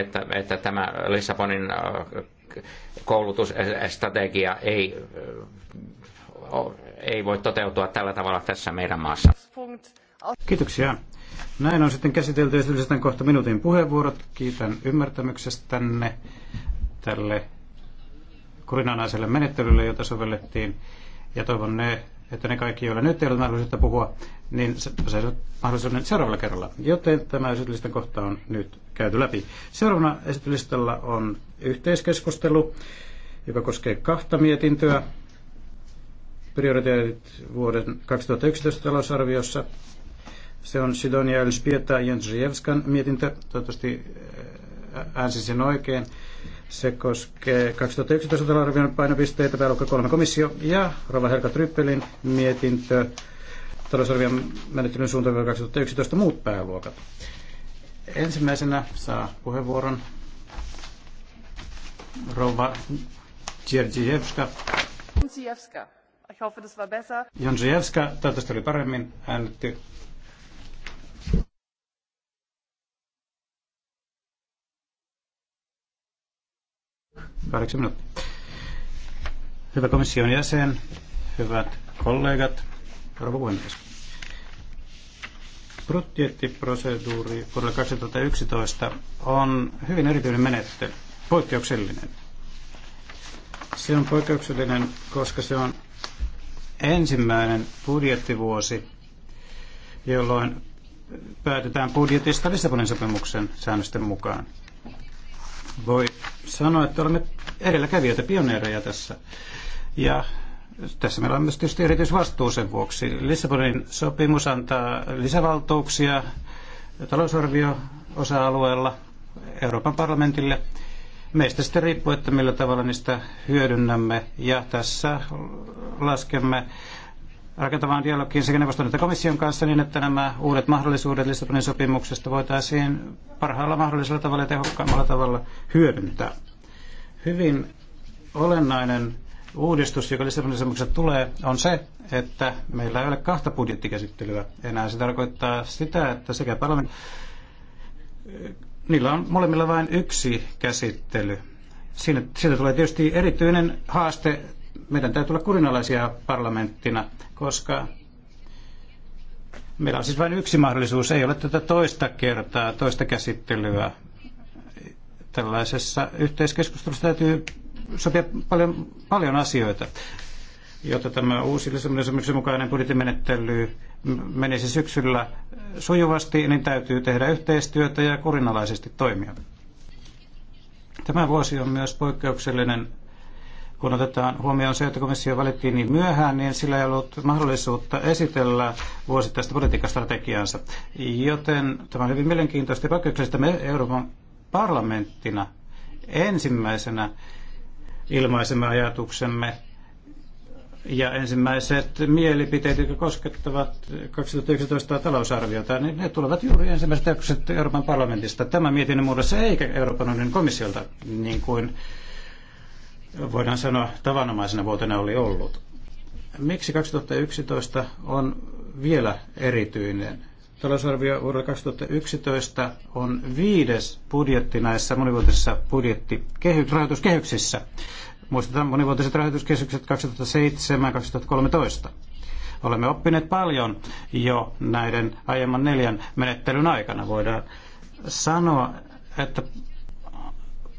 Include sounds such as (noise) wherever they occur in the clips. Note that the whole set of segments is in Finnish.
että, että tämä Lissabonin koulutusstrategia ei, ei voi toteutua tällä tavalla tässä meidän maassa. Kiitoksia. Näin on sitten käsitelty esitellään kohta minuutin puheenvuorot. Kiitän ymmärtämyksestänne tälle kurinanaiselle menettelylle, jota sovellettiin. Ja toivon ne, että ne kaikki, joilla nyt ei ole mahdollisuutta puhua, niin se on mahdollisuuden seuraavalla kerralla. Joten tämä esityslistan kohta on nyt käyty läpi. Seuraavana esityslistalla on yhteiskeskustelu, joka koskee kahta mietintöä. Prioriteetit vuoden 2011 talousarviossa. Se on Sidonia Elspieta Jędrzejewskan mietintö. Toivottavasti äh, äänsin sen oikein. Se koskee 2011 talousarvion painopisteitä, pääluokka 3 komissio ja Rova Helka Tryppelin mietintö talousarvion menettelyn suunta 2011 muut pääluokat. Ensimmäisenä saa puheenvuoron rouva Djerdzijevska. Djerdzijevska. Ich hoffe, das war besser. Uh, Jonsievska, toivottavasti oli paremmin äänetty. Kahdeksan minuuttia. Hyvä komission jäsen, hyvät kollegat, rouva puhemies bruttietti vuodelle 2011 on hyvin erityinen menettely, poikkeuksellinen. Se on poikkeuksellinen, koska se on ensimmäinen budjettivuosi, jolloin päätetään budjetista Lissabonin sopimuksen säännösten mukaan. Voi sanoa, että olemme edelläkävijöitä, pioneereja tässä. Ja tässä meillä on myös tietysti erityisvastuu sen vuoksi. Lissabonin sopimus antaa lisävaltuuksia talousarvio-osa-alueella Euroopan parlamentille. Meistä sitten riippuu, että millä tavalla niistä hyödynnämme ja tässä laskemme rakentavaan dialogiin sekä neuvoston että komission kanssa niin, että nämä uudet mahdollisuudet Lissabonin sopimuksesta voitaisiin parhaalla mahdollisella tavalla ja tehokkaimmalla tavalla hyödyntää. Hyvin olennainen uudistus, joka Lissabonin tulee, on se, että meillä ei ole kahta budjettikäsittelyä enää. Se tarkoittaa sitä, että sekä parlamentti, niillä on molemmilla vain yksi käsittely. Siinä, siitä tulee tietysti erityinen haaste. Meidän täytyy olla kurinalaisia parlamenttina, koska meillä on siis vain yksi mahdollisuus. Ei ole tätä toista kertaa, toista käsittelyä. Tällaisessa yhteiskeskustelussa täytyy sopia paljon, paljon asioita, jotta tämä uusi Lissabonin mukainen budjettimenettely menisi syksyllä sujuvasti, niin täytyy tehdä yhteistyötä ja kurinalaisesti toimia. Tämä vuosi on myös poikkeuksellinen kun otetaan huomioon se, että komissio valittiin niin myöhään, niin sillä ei ollut mahdollisuutta esitellä vuosittaista politiikkastrategiansa. Joten tämä on hyvin mielenkiintoista ja poikkeuksellista me Euroopan parlamenttina ensimmäisenä ilmaisemme ajatuksemme ja ensimmäiset mielipiteet, jotka koskettavat 2019 talousarviota, niin ne tulevat juuri ensimmäiset jaksot Euroopan parlamentista tämä mietinnön muodossa, eikä Euroopan unionin komissiolta, niin kuin voidaan sanoa tavanomaisena vuotena oli ollut. Miksi 2011 on vielä erityinen talousarvio vuodelle 2011 on viides budjetti näissä monivuotisissa budjettirahoituskehyksissä. Muistetaan monivuotiset rahoituskehykset 2007-2013. Olemme oppineet paljon jo näiden aiemman neljän menettelyn aikana. Voidaan sanoa, että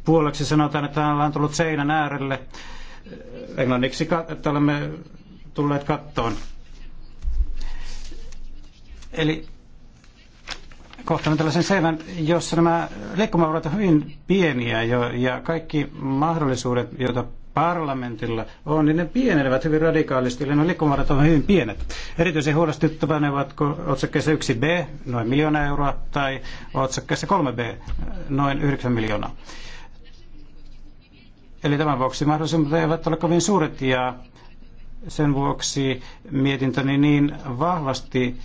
puoleksi sanotaan, että ollaan tullut seinän äärelle englanniksi, että olemme tulleet kattoon. Eli Kohtaan tällaisen seinän, jossa nämä liikkumavarat ovat hyvin pieniä jo, ja kaikki mahdollisuudet, joita parlamentilla on, niin ne pienenevät hyvin radikaalisti, eli ne liikkumavarat ovat hyvin pienet. Erityisen huolestuttavaa ne ovat otsakkeessa 1b, noin miljoona euroa, tai otsakkeessa 3b, noin 9 miljoonaa. Eli tämän vuoksi mahdollisuudet eivät ole kovin suuret, ja sen vuoksi mietintöni niin vahvasti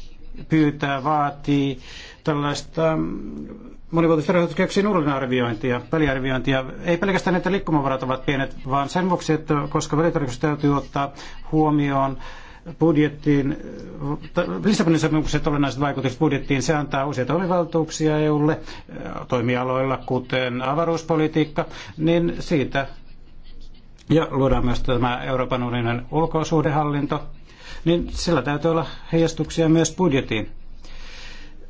pyytää, vaatii tällaista mm, monivuotisten rahoituskehyksen uudelleenarviointia, väliarviointia. Ei pelkästään, että liikkumavarat ovat pienet, vaan sen vuoksi, että koska välitarkoitus täytyy ottaa huomioon budjettiin, Lissabonin sopimukset olennaiset vaikutukset budjettiin, se antaa uusia toimivaltuuksia EUlle toimialoilla, kuten avaruuspolitiikka, niin siitä ja luodaan myös tämä Euroopan unionin ulkosuhdehallinto, niin sillä täytyy olla heijastuksia myös budjettiin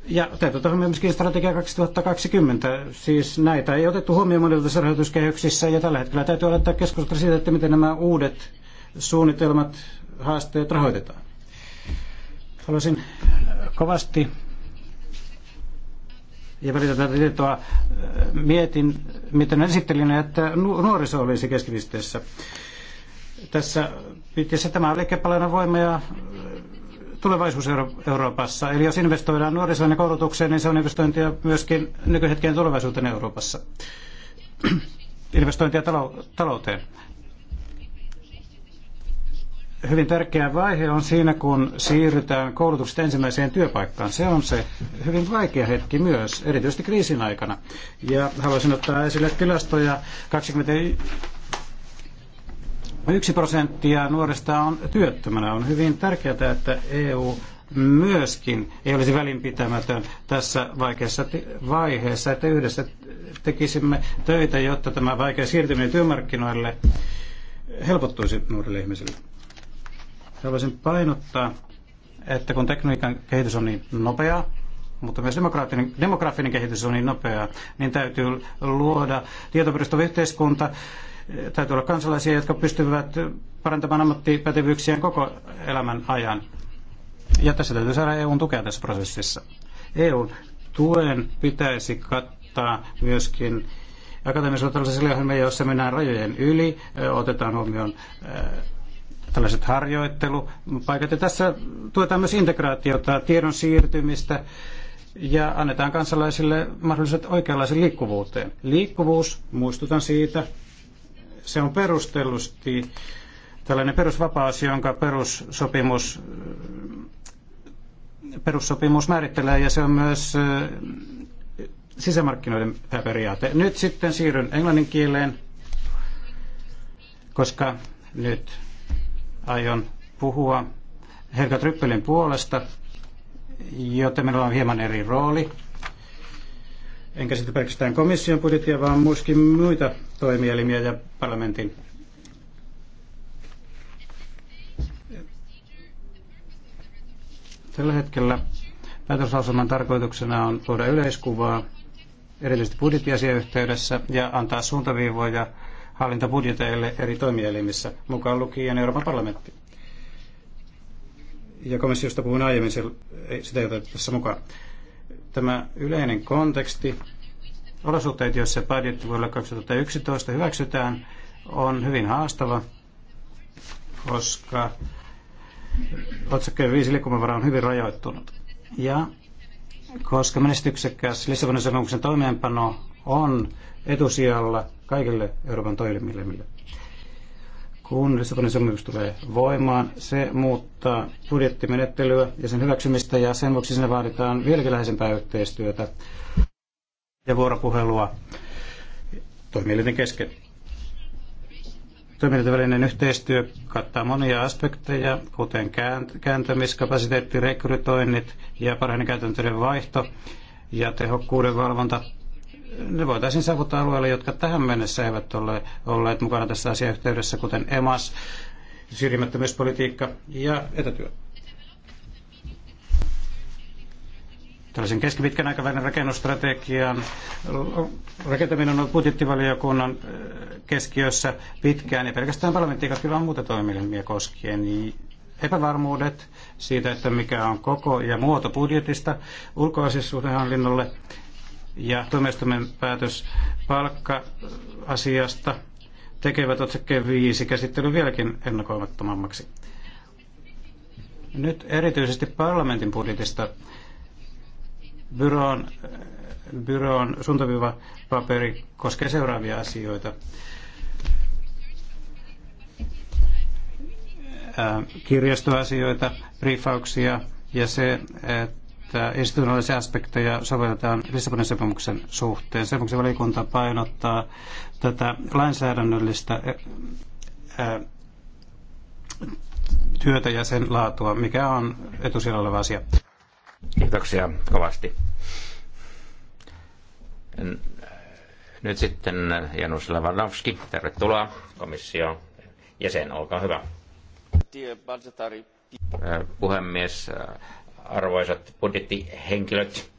ja täytyy huomioon myöskin strategia 2020. Siis näitä ei otettu huomioon monilta rahoituskehyksissä ja tällä hetkellä täytyy aloittaa keskustella siitä, että miten nämä uudet suunnitelmat, haasteet rahoitetaan. Haluaisin kovasti ja tätä tietoa. Mietin, miten esittelin, että nuoriso olisi keskipisteessä. Tässä, tässä tämä oli keppaleena voima ja tulevaisuus Euroopassa. Eli jos investoidaan nuorisoon ja koulutukseen, niin se on investointia myöskin nykyhetkeen tulevaisuuteen Euroopassa. (clears throat) investointia talou- talouteen. Hyvin tärkeä vaihe on siinä, kun siirrytään koulutuksesta ensimmäiseen työpaikkaan. Se on se hyvin vaikea hetki myös, erityisesti kriisin aikana. Ja haluaisin ottaa esille tilastoja 20 Yksi prosenttia nuorista on työttömänä. On hyvin tärkeää, että EU myöskin ei olisi välinpitämätön tässä vaikeassa vaiheessa, että yhdessä tekisimme töitä, jotta tämä vaikea siirtyminen työmarkkinoille helpottuisi nuorille ihmisille. Haluaisin painottaa, että kun tekniikan kehitys on niin nopeaa, mutta myös demografinen kehitys on niin nopeaa, niin täytyy luoda tietoperustava yhteiskunta, Täytyy olla kansalaisia, jotka pystyvät parantamaan ammattipätevyyksiään koko elämän ajan. Ja tässä täytyy saada EUn tukea tässä prosessissa. EUn tuen pitäisi kattaa myöskin akateemisuudellisille ohjelmia, jossa mennään rajojen yli, otetaan huomioon tällaiset harjoittelupaikat. Ja tässä tuetaan myös integraatiota, tiedon siirtymistä ja annetaan kansalaisille mahdollisuudet oikeanlaisen liikkuvuuteen. Liikkuvuus, muistutan siitä, se on perustellusti tällainen perusvapaus, jonka perussopimus, perussopimus määrittelee, ja se on myös äh, sisämarkkinoiden pääperiaate. Nyt sitten siirryn englannin kieleen, koska nyt aion puhua Helga Tryppelin puolesta, joten minulla on hieman eri rooli enkä sitten pelkästään komission budjettia, vaan myöskin muita toimielimiä ja parlamentin. Tällä hetkellä päätöslauselman tarkoituksena on luoda yleiskuvaa erityisesti budjettiasiayhteydessä ja antaa suuntaviivoja hallintabudjeteille eri toimielimissä, mukaan lukien Euroopan parlamentti. Ja komissiosta puhuin aiemmin, sitä ei oteta tässä mukaan tämä yleinen konteksti, olosuhteet, joissa budjetti vuodelle 2011 hyväksytään, on hyvin haastava, koska otsakkeen 5 liikkumavara on hyvin rajoittunut. Ja koska menestyksekäs Lissabonin sopimuksen toimeenpano on etusijalla kaikille Euroopan toimille. Kun Lissabonin sopimus tulee voimaan, se muuttaa budjettimenettelyä ja sen hyväksymistä ja sen vuoksi sinne vaaditaan vieläkin läheisempää yhteistyötä ja vuoropuhelua toimielinten kesken. Toimielinten välinen yhteistyö kattaa monia aspekteja, kuten kääntämiskapasiteetti, rekrytoinnit ja parhainen käytäntöjen vaihto ja tehokkuuden valvonta ne voitaisiin saavuttaa alueille, jotka tähän mennessä eivät ole olleet mukana tässä asiayhteydessä, kuten EMAS, syrjimättömyyspolitiikka ja etätyö. Tällaisen keskipitkän aikavälin rakennustrategian rakentaminen on budjettivaliokunnan äh, keskiössä pitkään ja pelkästään parlamenttiikat kyllä on muuta toimielimiä koskien. Niin epävarmuudet siitä, että mikä on koko ja muoto budjetista ulkoasiassuhdehallinnolle ja tuomioistuimen päätös palkka-asiasta tekevät otsakkeen 5 käsittely vieläkin ennakoimattomammaksi. Nyt erityisesti parlamentin budjetista byroon, byroon suuntaviva paperi koskee seuraavia asioita. kirjastoasioita, briefauksia ja se, että että institutionaalisia aspekteja sovelletaan Lissabonin sopimuksen suhteen. Sopimuksen vuoksi valiokunta painottaa tätä lainsäädännöllistä eh, eh, työtä ja sen laatua, mikä on etusijalla oleva asia. Kiitoksia kovasti. Nyt sitten Janus Lewandowski, tervetuloa komission jäsen, olkaa hyvä. Eh, puhemies, arvoisat budjettihenkilöt.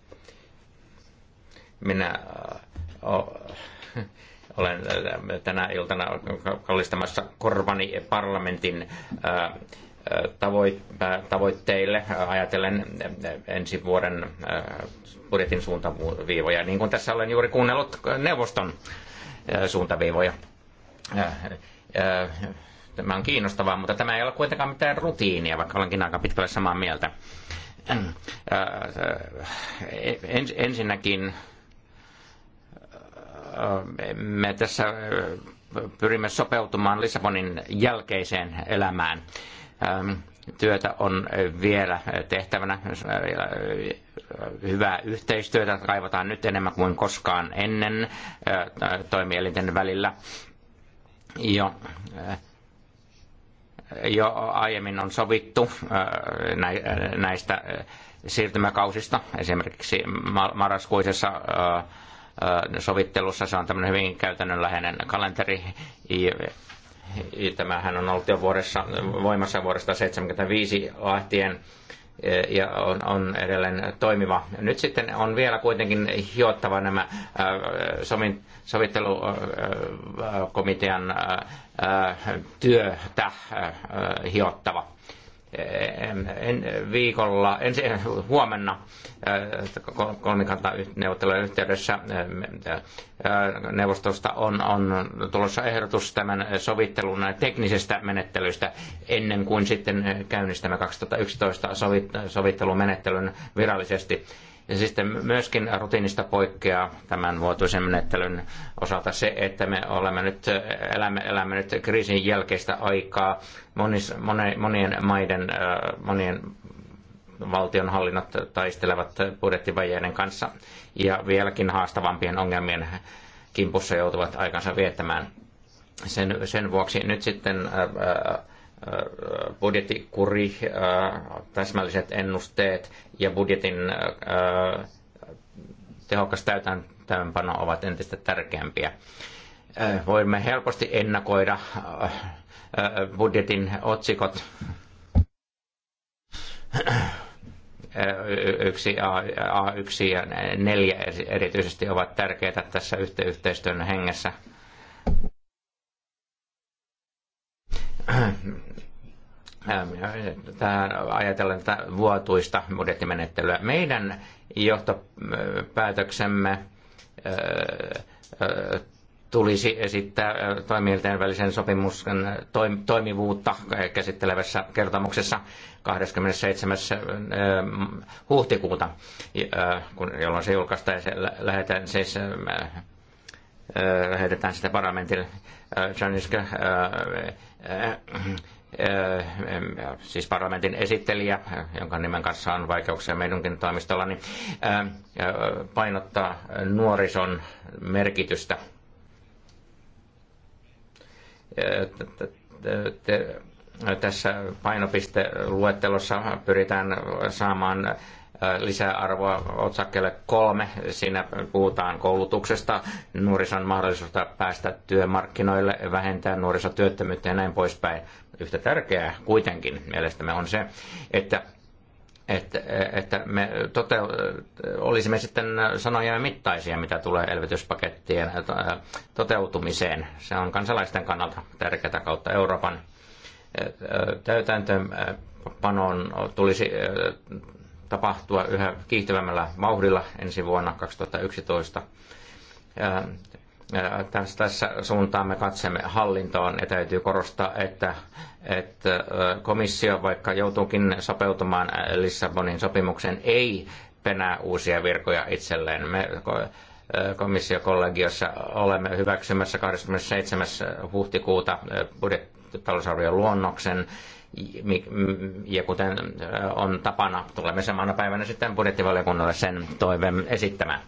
Minä olen tänä iltana kallistamassa korvani parlamentin tavoitteille ajatellen ensi vuoden budjetin suuntaviivoja, niin kuin tässä olen juuri kuunnellut neuvoston suuntaviivoja. Tämä on kiinnostavaa, mutta tämä ei ole kuitenkaan mitään rutiinia, vaikka olenkin aika pitkälle samaa mieltä. Äh, äh, äh, ensinnäkin me tässä pyrimme sopeutumaan Lissabonin jälkeiseen elämään. Ähm, työtä on vielä tehtävänä. Hyvää yhteistyötä kaivataan nyt enemmän kuin koskaan ennen toimielinten välillä. Jo jo aiemmin on sovittu äh, näistä äh, siirtymäkausista. Esimerkiksi marraskuisessa äh, sovittelussa se on tämmöinen hyvin käytännönläheinen kalenteri. Tämähän on ollut jo vuodessa, voimassa vuodesta 1975 lähtien ja on, on edelleen toimiva. Nyt sitten on vielä kuitenkin hiottava nämä äh, sovittelukomitean äh, äh, työtä hiottava en, viikolla, ensi, huomenna äh, kolmikantaneuvottelujen yhteydessä äh, äh, neuvostosta on, on tulossa ehdotus tämän sovittelun teknisestä menettelystä ennen kuin sitten käynnistämme 2011 sovittelumenettelyn virallisesti ja sitten myöskin rutiinista poikkeaa tämän vuotuisen menettelyn osalta se, että me olemme nyt, elämme, elämme nyt kriisin jälkeistä aikaa. Monis, moni, monien maiden, äh, monien valtionhallinnot taistelevat budjettivajeiden kanssa ja vieläkin haastavampien ongelmien kimpussa joutuvat aikansa viettämään. Sen, sen vuoksi nyt sitten ää, äh, äh, budjettikuri, äh, täsmälliset ennusteet ja budjetin äh, tehokas täytäntöönpano ovat entistä tärkeämpiä. Äh, voimme helposti ennakoida budjetin otsikot yksi A1 ja 4 erityisesti ovat tärkeitä tässä yhteistyön hengessä Ähm, tähän ajatellen tätä vuotuista budjettimenettelyä. Meidän johtopäätöksemme äh, äh, tulisi esittää äh, toimijoiden välisen sopimuksen toimivuutta käsittelevässä kertomuksessa 27. huhtikuuta, jolloin se julkaistaan ja se siis lähetetään sitä parlamentille siis parlamentin esittelijä, jonka nimen kanssa on vaikeuksia meidänkin toimistolla, niin painottaa nuorison merkitystä. Tässä painopisteluettelossa pyritään saamaan lisäarvoa otsakkeelle kolme. Siinä puhutaan koulutuksesta, nuorison mahdollisuutta päästä työmarkkinoille, vähentää nuorisotyöttömyyttä ja näin poispäin. Yhtä tärkeää kuitenkin mielestämme on se, että että, että me tote, olisimme sitten sanoja mittaisia, mitä tulee elvytyspakettien toteutumiseen. Se on kansalaisten kannalta tärkeää kautta Euroopan täytäntöönpanoon tulisi tapahtua yhä kiihtyvämmällä vauhdilla ensi vuonna 2011. Tässä, tässä suuntaan me katsemme hallintoon ja täytyy korostaa, että, että komissio, vaikka joutuukin sopeutumaan äh, Lissabonin sopimukseen, ei penää uusia virkoja itselleen. Me komissiokollegiossa olemme hyväksymässä 27. huhtikuuta budjettitalousarvion luonnoksen, ja kuten äh, on tapana, tulemme samana päivänä sitten budjettivaliokunnalle sen toiveen esittämään.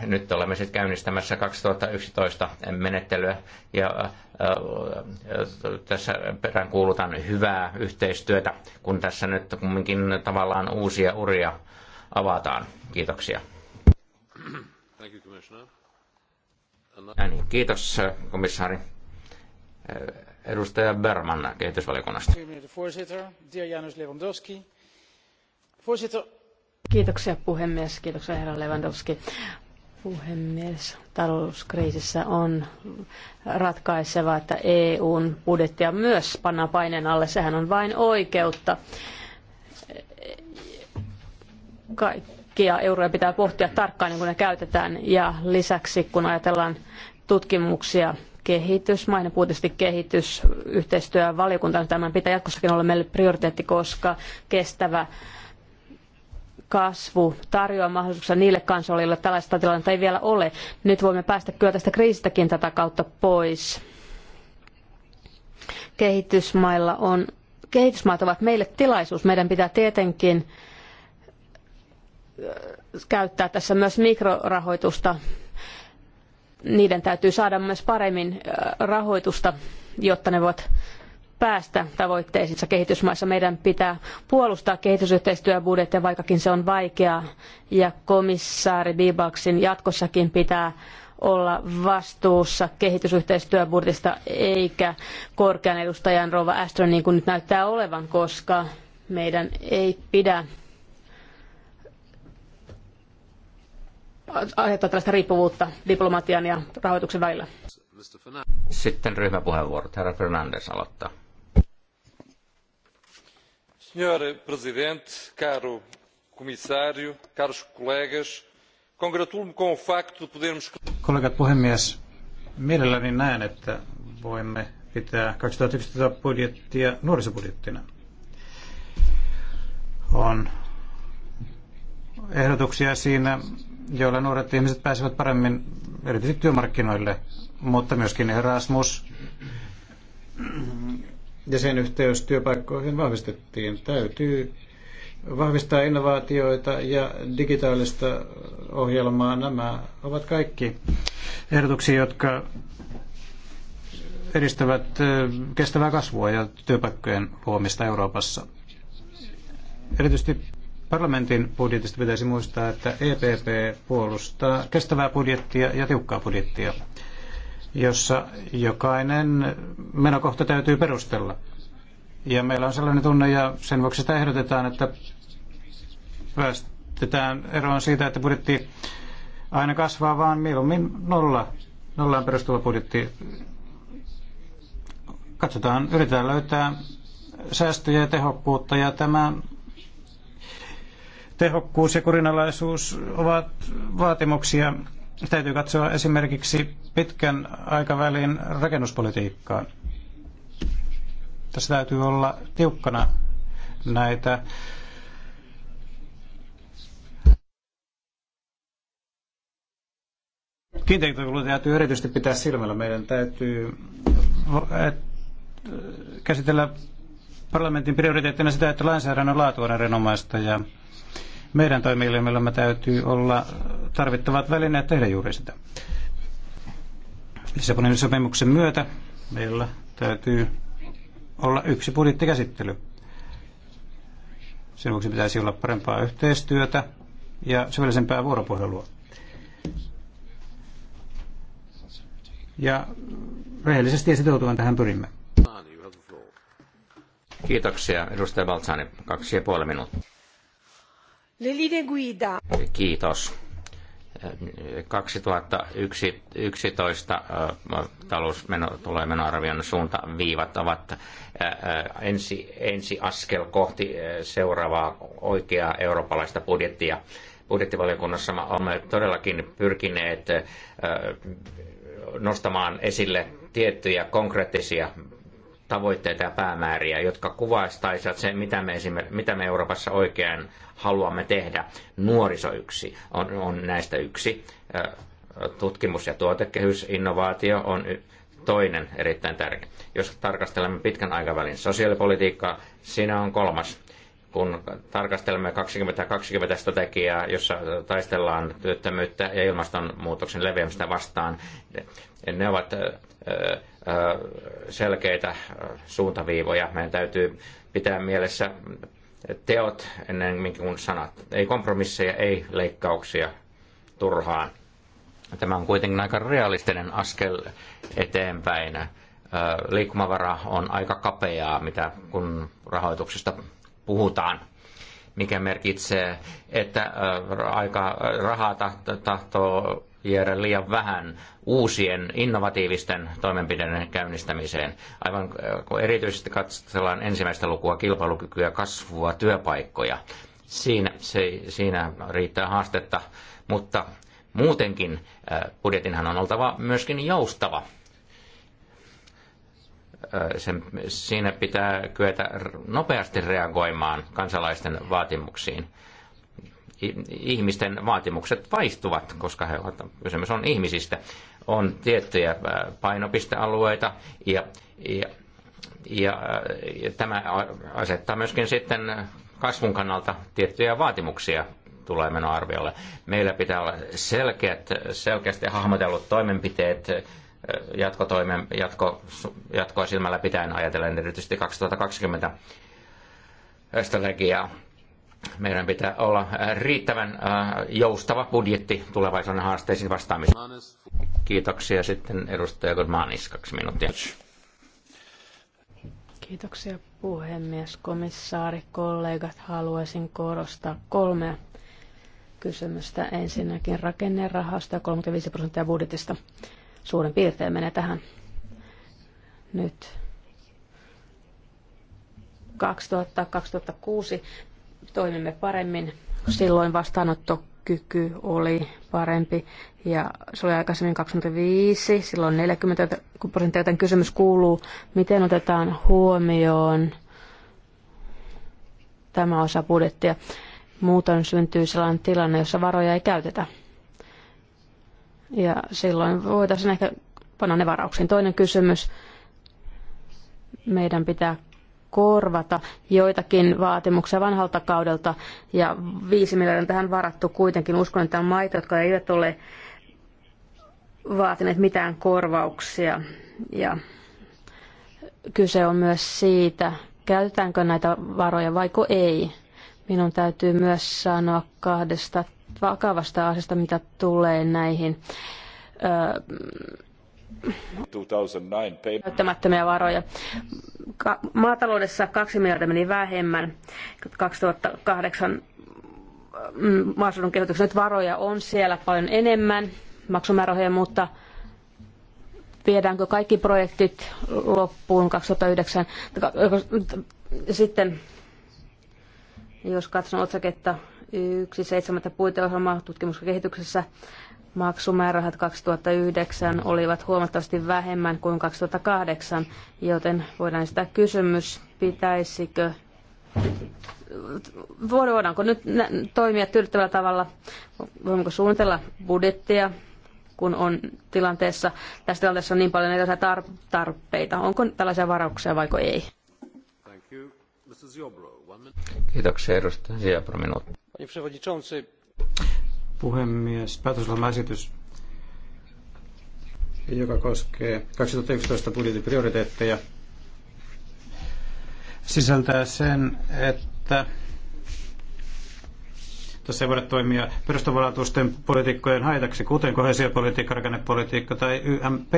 Nyt olemme sitten käynnistämässä 2011 menettelyä ja äh, äh, tässä perään kuulutan hyvää yhteistyötä, kun tässä nyt kumminkin tavallaan uusia uria avataan. Kiitoksia. Thank you, Niin, kiitos komissaari edustaja Berman kehitysvaliokunnasta. Kiitoksia puhemies, kiitoksia herra Lewandowski. Puhemies, talouskriisissä on ratkaisevaa, että EUn budjettia myös pannaan paineen alle. Sehän on vain oikeutta. Kaikkia euroja pitää pohtia tarkkaan, niin kun ne käytetään. Ja lisäksi, kun ajatellaan tutkimuksia kehitysmaiden, puhutusti kehitysyhteistyövaliokunta. Tämän pitää jatkossakin olla meille prioriteetti, koska kestävä kasvu tarjoaa mahdollisuuksia niille kansoille, joilla tällaista tilannetta ei vielä ole. Nyt voimme päästä kyllä tästä kriisistäkin tätä kautta pois. Kehitysmailla on, kehitysmaat ovat meille tilaisuus. Meidän pitää tietenkin käyttää tässä myös mikrorahoitusta niiden täytyy saada myös paremmin rahoitusta, jotta ne voivat päästä tavoitteisiinsa kehitysmaissa. Meidän pitää puolustaa kehitysyhteistyöbudjettia, vaikkakin se on vaikeaa, ja komissaari Bibaksin jatkossakin pitää olla vastuussa kehitysyhteistyöbudjetista eikä korkean edustajan Rova Ashton niin kuin nyt näyttää olevan, koska meidän ei pidä aiheuttaa tällaista riippuvuutta diplomatian ja rahoituksen välillä. Sitten ryhmäpuheenvuorot. Herra Fernandes aloittaa. Signore Presidente, caro Comissário, caros colegas, congratulmo con facto podermos... Kollegat puhemies, mielelläni näen, että voimme pitää 2011 budjettia nuorisobudjettina. On ehdotuksia siinä joilla nuoret ihmiset pääsevät paremmin erityisesti työmarkkinoille, mutta myöskin Erasmus ja sen yhteys työpaikkoihin vahvistettiin. Täytyy vahvistaa innovaatioita ja digitaalista ohjelmaa. Nämä ovat kaikki ehdotuksia, jotka edistävät kestävää kasvua ja työpaikkojen luomista Euroopassa. Erityisesti Parlamentin budjetista pitäisi muistaa, että EPP puolustaa kestävää budjettia ja tiukkaa budjettia, jossa jokainen menokohta täytyy perustella. Ja meillä on sellainen tunne, ja sen vuoksi sitä ehdotetaan, että päästetään eroon siitä, että budjetti aina kasvaa, vaan mieluummin nolla, nollaan perustuva budjetti. Katsotaan, yritetään löytää säästöjä ja tehokkuutta, ja tämä tehokkuus ja kurinalaisuus ovat vaatimuksia. Täytyy katsoa esimerkiksi pitkän aikavälin rakennuspolitiikkaa. Tässä täytyy olla tiukkana näitä kiinteäkuluja täytyy erityisesti pitää silmällä. Meidän täytyy käsitellä parlamentin prioriteettina sitä, että lainsäädännön laatu on erinomaista ja meidän toimielimellämme täytyy olla tarvittavat välineet tehdä juuri sitä. Lissabonin sopimuksen myötä meillä täytyy olla yksi budjettikäsittely. Sen vuoksi pitäisi olla parempaa yhteistyötä ja syvällisempää vuoropuhelua. Ja rehellisesti esitoutuvan tähän pyrimme. Kiitoksia. Edustaja Baltsani, kaksi ja puoli minuuttia. Kiitos. 2011 talousmeno, tulee menoarvion suuntaviivat ovat ensi, ensi askel kohti seuraavaa oikeaa eurooppalaista budjettia. Budjettivaliokunnassa olemme todellakin pyrkineet nostamaan esille tiettyjä konkreettisia tavoitteita ja päämääriä, jotka kuvaistaisivat sen, mitä me, mitä me Euroopassa oikein haluamme tehdä. Nuoriso yksi on, on näistä yksi. Tutkimus- ja tuotekehysinnovaatio on toinen erittäin tärkeä. Jos tarkastelemme pitkän aikavälin sosiaalipolitiikkaa, siinä on kolmas. Kun tarkastelemme 2020 strategiaa, jossa taistellaan työttömyyttä ja ilmastonmuutoksen leviämistä vastaan, ne ovat selkeitä suuntaviivoja. Meidän täytyy pitää mielessä teot ennen kuin sanat. Ei kompromisseja, ei leikkauksia turhaan. Tämä on kuitenkin aika realistinen askel eteenpäin. Liikkumavara on aika kapeaa, mitä kun rahoituksesta puhutaan, mikä merkitsee, että aika rahaa tahtoo viedä liian vähän uusien innovatiivisten toimenpiteiden käynnistämiseen. Aivan äh, kun erityisesti katsellaan ensimmäistä lukua kilpailukykyä, kasvua, työpaikkoja. Siinä, se, siinä riittää haastetta, mutta muutenkin äh, budjetinhan on oltava myöskin joustava. Äh, sen, siinä pitää kyetä nopeasti reagoimaan kansalaisten vaatimuksiin ihmisten vaatimukset vaihtuvat, koska he ovat, kysymys on ihmisistä. On tiettyjä äh, painopistealueita ja, ja, ja, ja tämä asettaa myöskin sitten kasvun kannalta tiettyjä vaatimuksia tulee menoarviolle. Meillä pitää olla selkeät, selkeästi hahmotellut toimenpiteet äh, jatkotoimen, jatko, jatkoa silmällä pitäen ajatellen erityisesti 2020 strategiaa meidän pitää olla äh, riittävän äh, joustava budjetti tulevaisuuden haasteisiin vastaamiseen. Kiitoksia sitten edustaja Godmanis, kaksi minuuttia. Kiitoksia puhemies, komissaari, kollegat. Haluaisin korostaa kolmea kysymystä. Ensinnäkin rakennerahasta 35 prosenttia budjetista suurin piirtein menee tähän. Nyt 2000-2006 toimimme paremmin. Silloin vastaanottokyky oli parempi ja se oli aikaisemmin 25, silloin 40 prosenttia, joten kysymys kuuluu, miten otetaan huomioon tämä osa budjettia. Muuten syntyy sellainen tilanne, jossa varoja ei käytetä. Ja silloin voitaisiin ehkä panna ne varauksiin. Toinen kysymys. Meidän pitää korvata joitakin vaatimuksia vanhalta kaudelta ja viisi miljoonaa tähän varattu kuitenkin. Uskon, että on maita, jotka eivät ole vaatineet mitään korvauksia ja kyse on myös siitä, käytetäänkö näitä varoja vaiko ei. Minun täytyy myös sanoa kahdesta vakavasta asiasta, mitä tulee näihin käyttämättömiä varoja. Ka- maataloudessa kaksi miljardia meni vähemmän 2008 mm, maaseudun kehityksessä. Nyt varoja on siellä paljon enemmän maksumäärärahoja, mutta viedäänkö kaikki projektit loppuun 2009? Sitten jos katson otsaketta 1.7. puiteohjelmaa tutkimuksessa ja kehityksessä, maksumäärärahat 2009 olivat huomattavasti vähemmän kuin 2008, joten voidaan sitä kysymys, pitäisikö voidaanko nyt toimia tyydyttävällä tavalla, voimmeko suunnitella budjettia, kun on tilanteessa, tässä tilanteessa on niin paljon erilaisia tar- tarpeita. Onko tällaisia varauksia vaiko ei? Kiitoksia edustaja Ziobro, minuutti puhemies. Päätöslauselmaesitys, joka koskee 2011 budjetin prioriteetteja, sisältää sen, että tässä ei voida toimia perustavalatusten politiikkojen haitaksi, kuten kohesiopolitiikka, rakennepolitiikka tai YMP.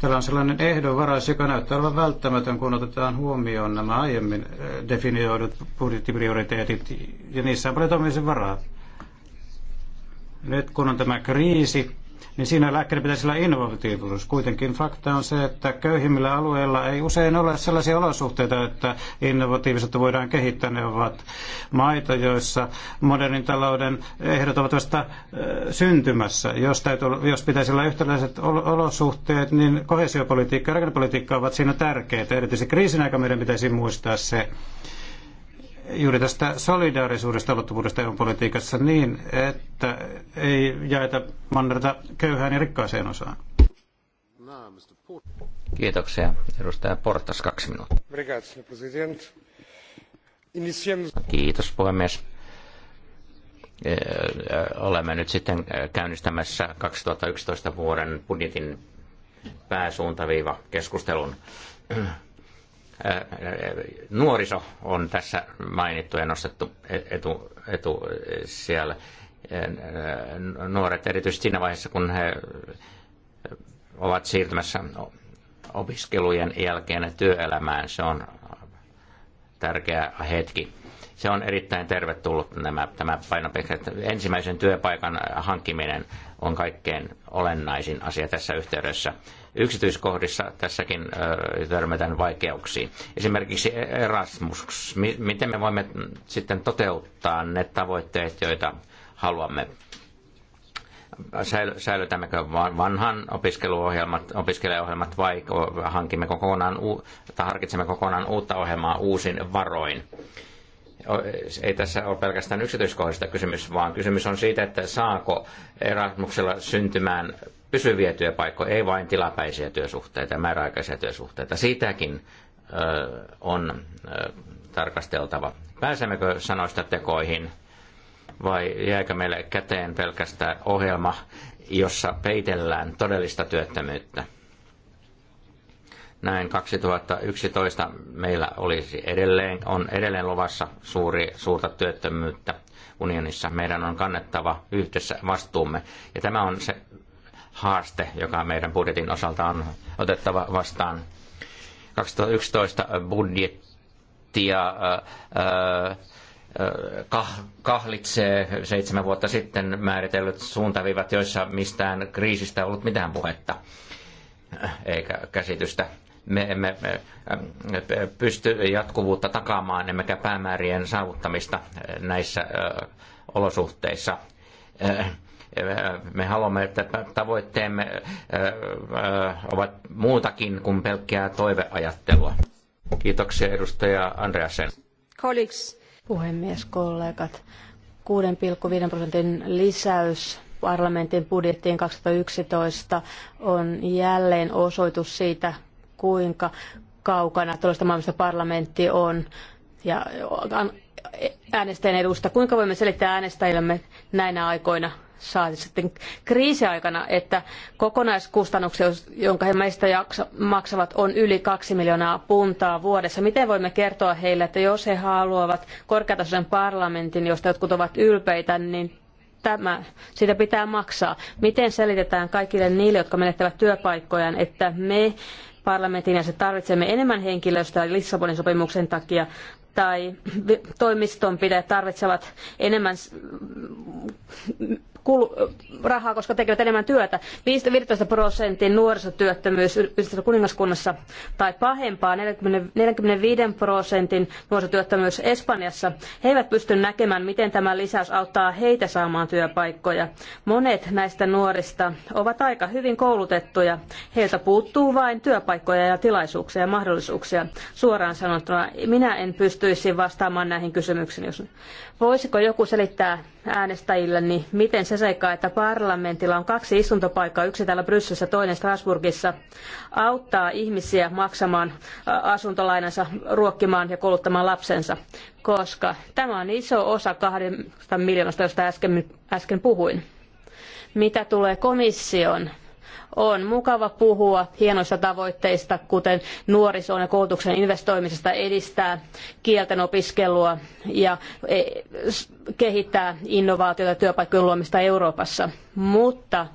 Tällä on sellainen ehdonvarais, joka näyttää olevan välttämätön, kun otetaan huomioon nämä aiemmin eh, definioidut budjettiprioriteetit, ja niissä on paljon varaa. Nyt kun on tämä kriisi, niin siinä lääkkeiden pitäisi olla innovatiivisuus. Kuitenkin fakta on se, että köyhimmillä alueilla ei usein ole sellaisia olosuhteita, että innovatiivisuutta voidaan kehittää. Ne ovat maita, joissa modernin talouden ehdot ovat vasta syntymässä. Jos, täytyy, jos pitäisi olla yhtäläiset olosuhteet, niin kohesiopolitiikka ja rakennepolitiikka ovat siinä tärkeitä. Erityisesti kriisin aika meidän pitäisi muistaa se juuri tästä solidaarisuudesta ulottuvuudesta EUn politiikassa niin, että ei jaeta mannerta köyhään ja rikkaaseen osaan. Kiitoksia. Edustaja Portas, kaksi minuuttia. Kiitos puhemies. Olemme nyt sitten käynnistämässä 2011 vuoden budjetin pääsuuntaviiva keskustelun nuoriso on tässä mainittu ja nostettu e-, etu, etu e-, siellä. Nuoret erityisesti siinä vaiheessa, kun he ovat siirtymässä opiskelujen jälkeen työelämään, se on tärkeä hetki. Se on erittäin tervetullut nämä, tämä painopiste. Ensimmäisen työpaikan hankkiminen on kaikkein olennaisin asia tässä yhteydessä yksityiskohdissa tässäkin törmätään vaikeuksiin. Esimerkiksi Erasmus, miten me voimme sitten toteuttaa ne tavoitteet, joita haluamme säilytämmekö vanhan opiskeluohjelmat, opiskelijaohjelmat vai hankimme kokonaan, tai harkitsemme kokonaan uutta ohjelmaa uusin varoin. Ei tässä ole pelkästään yksityiskohdista kysymys, vaan kysymys on siitä, että saako Erasmuksella syntymään pysyviä työpaikkoja, ei vain tilapäisiä työsuhteita ja määräaikaisia työsuhteita. Siitäkin on tarkasteltava. Pääsemmekö sanoista tekoihin vai jääkö meille käteen pelkästään ohjelma, jossa peitellään todellista työttömyyttä? Näin 2011 meillä olisi edelleen, on edelleen luvassa suuri, suurta työttömyyttä unionissa. Meidän on kannettava yhdessä vastuumme. Ja tämä on se haaste, joka meidän budjetin osalta on otettava vastaan. 2011 budjettia äh, äh, kahlitsee seitsemän vuotta sitten määritellyt suuntaviivat, joissa mistään kriisistä ei ollut mitään puhetta eikä käsitystä. Me emme äh, pysty jatkuvuutta takaamaan, emmekä päämäärien saavuttamista näissä olosuhteissa me haluamme, että tavoitteemme ovat muutakin kuin pelkkää toiveajattelua. Kiitoksia edustaja Andreasen. Colleagues. Puhemies, kollegat. 6,5 prosentin lisäys parlamentin budjettiin 2011 on jälleen osoitus siitä, kuinka kaukana tuollaista maailmasta parlamentti on ja äänestäjän edusta. Kuinka voimme selittää äänestäjillemme näinä aikoina saati sitten kriisiaikana, että kokonaiskustannukset, jonka he meistä jaksa, maksavat, on yli kaksi miljoonaa puntaa vuodessa. Miten voimme kertoa heille, että jos he haluavat korkeatasoisen parlamentin, josta jotkut ovat ylpeitä, niin tämä, siitä pitää maksaa. Miten selitetään kaikille niille, jotka menettävät työpaikkojaan, että me parlamentin ja se tarvitsemme enemmän henkilöstöä Lissabonin sopimuksen takia, tai toimiston tarvitsevat enemmän rahaa, koska tekevät enemmän työtä. 15 prosentin nuorisotyöttömyys yhdistyksessä kuningaskunnassa tai pahempaa 40, 45 prosentin nuorisotyöttömyys Espanjassa. He eivät pysty näkemään, miten tämä lisäys auttaa heitä saamaan työpaikkoja. Monet näistä nuorista ovat aika hyvin koulutettuja. Heiltä puuttuu vain työpaikkoja ja tilaisuuksia ja mahdollisuuksia. Suoraan sanottuna minä en pystyisi vastaamaan näihin kysymyksiin. Jos... Voisiko joku selittää äänestäjille, niin miten se seikka, että parlamentilla on kaksi istuntopaikkaa, yksi täällä Brysselissä, toinen Strasbourgissa, auttaa ihmisiä maksamaan asuntolainansa, ruokkimaan ja kouluttamaan lapsensa, koska tämä on iso osa kahdesta miljoonasta, josta äsken, äsken puhuin. Mitä tulee komission on mukava puhua hienoista tavoitteista, kuten nuorisoon ja koulutuksen investoimisesta edistää kielten opiskelua ja e, kehittää innovaatioita ja työpaikkojen luomista Euroopassa. Mutta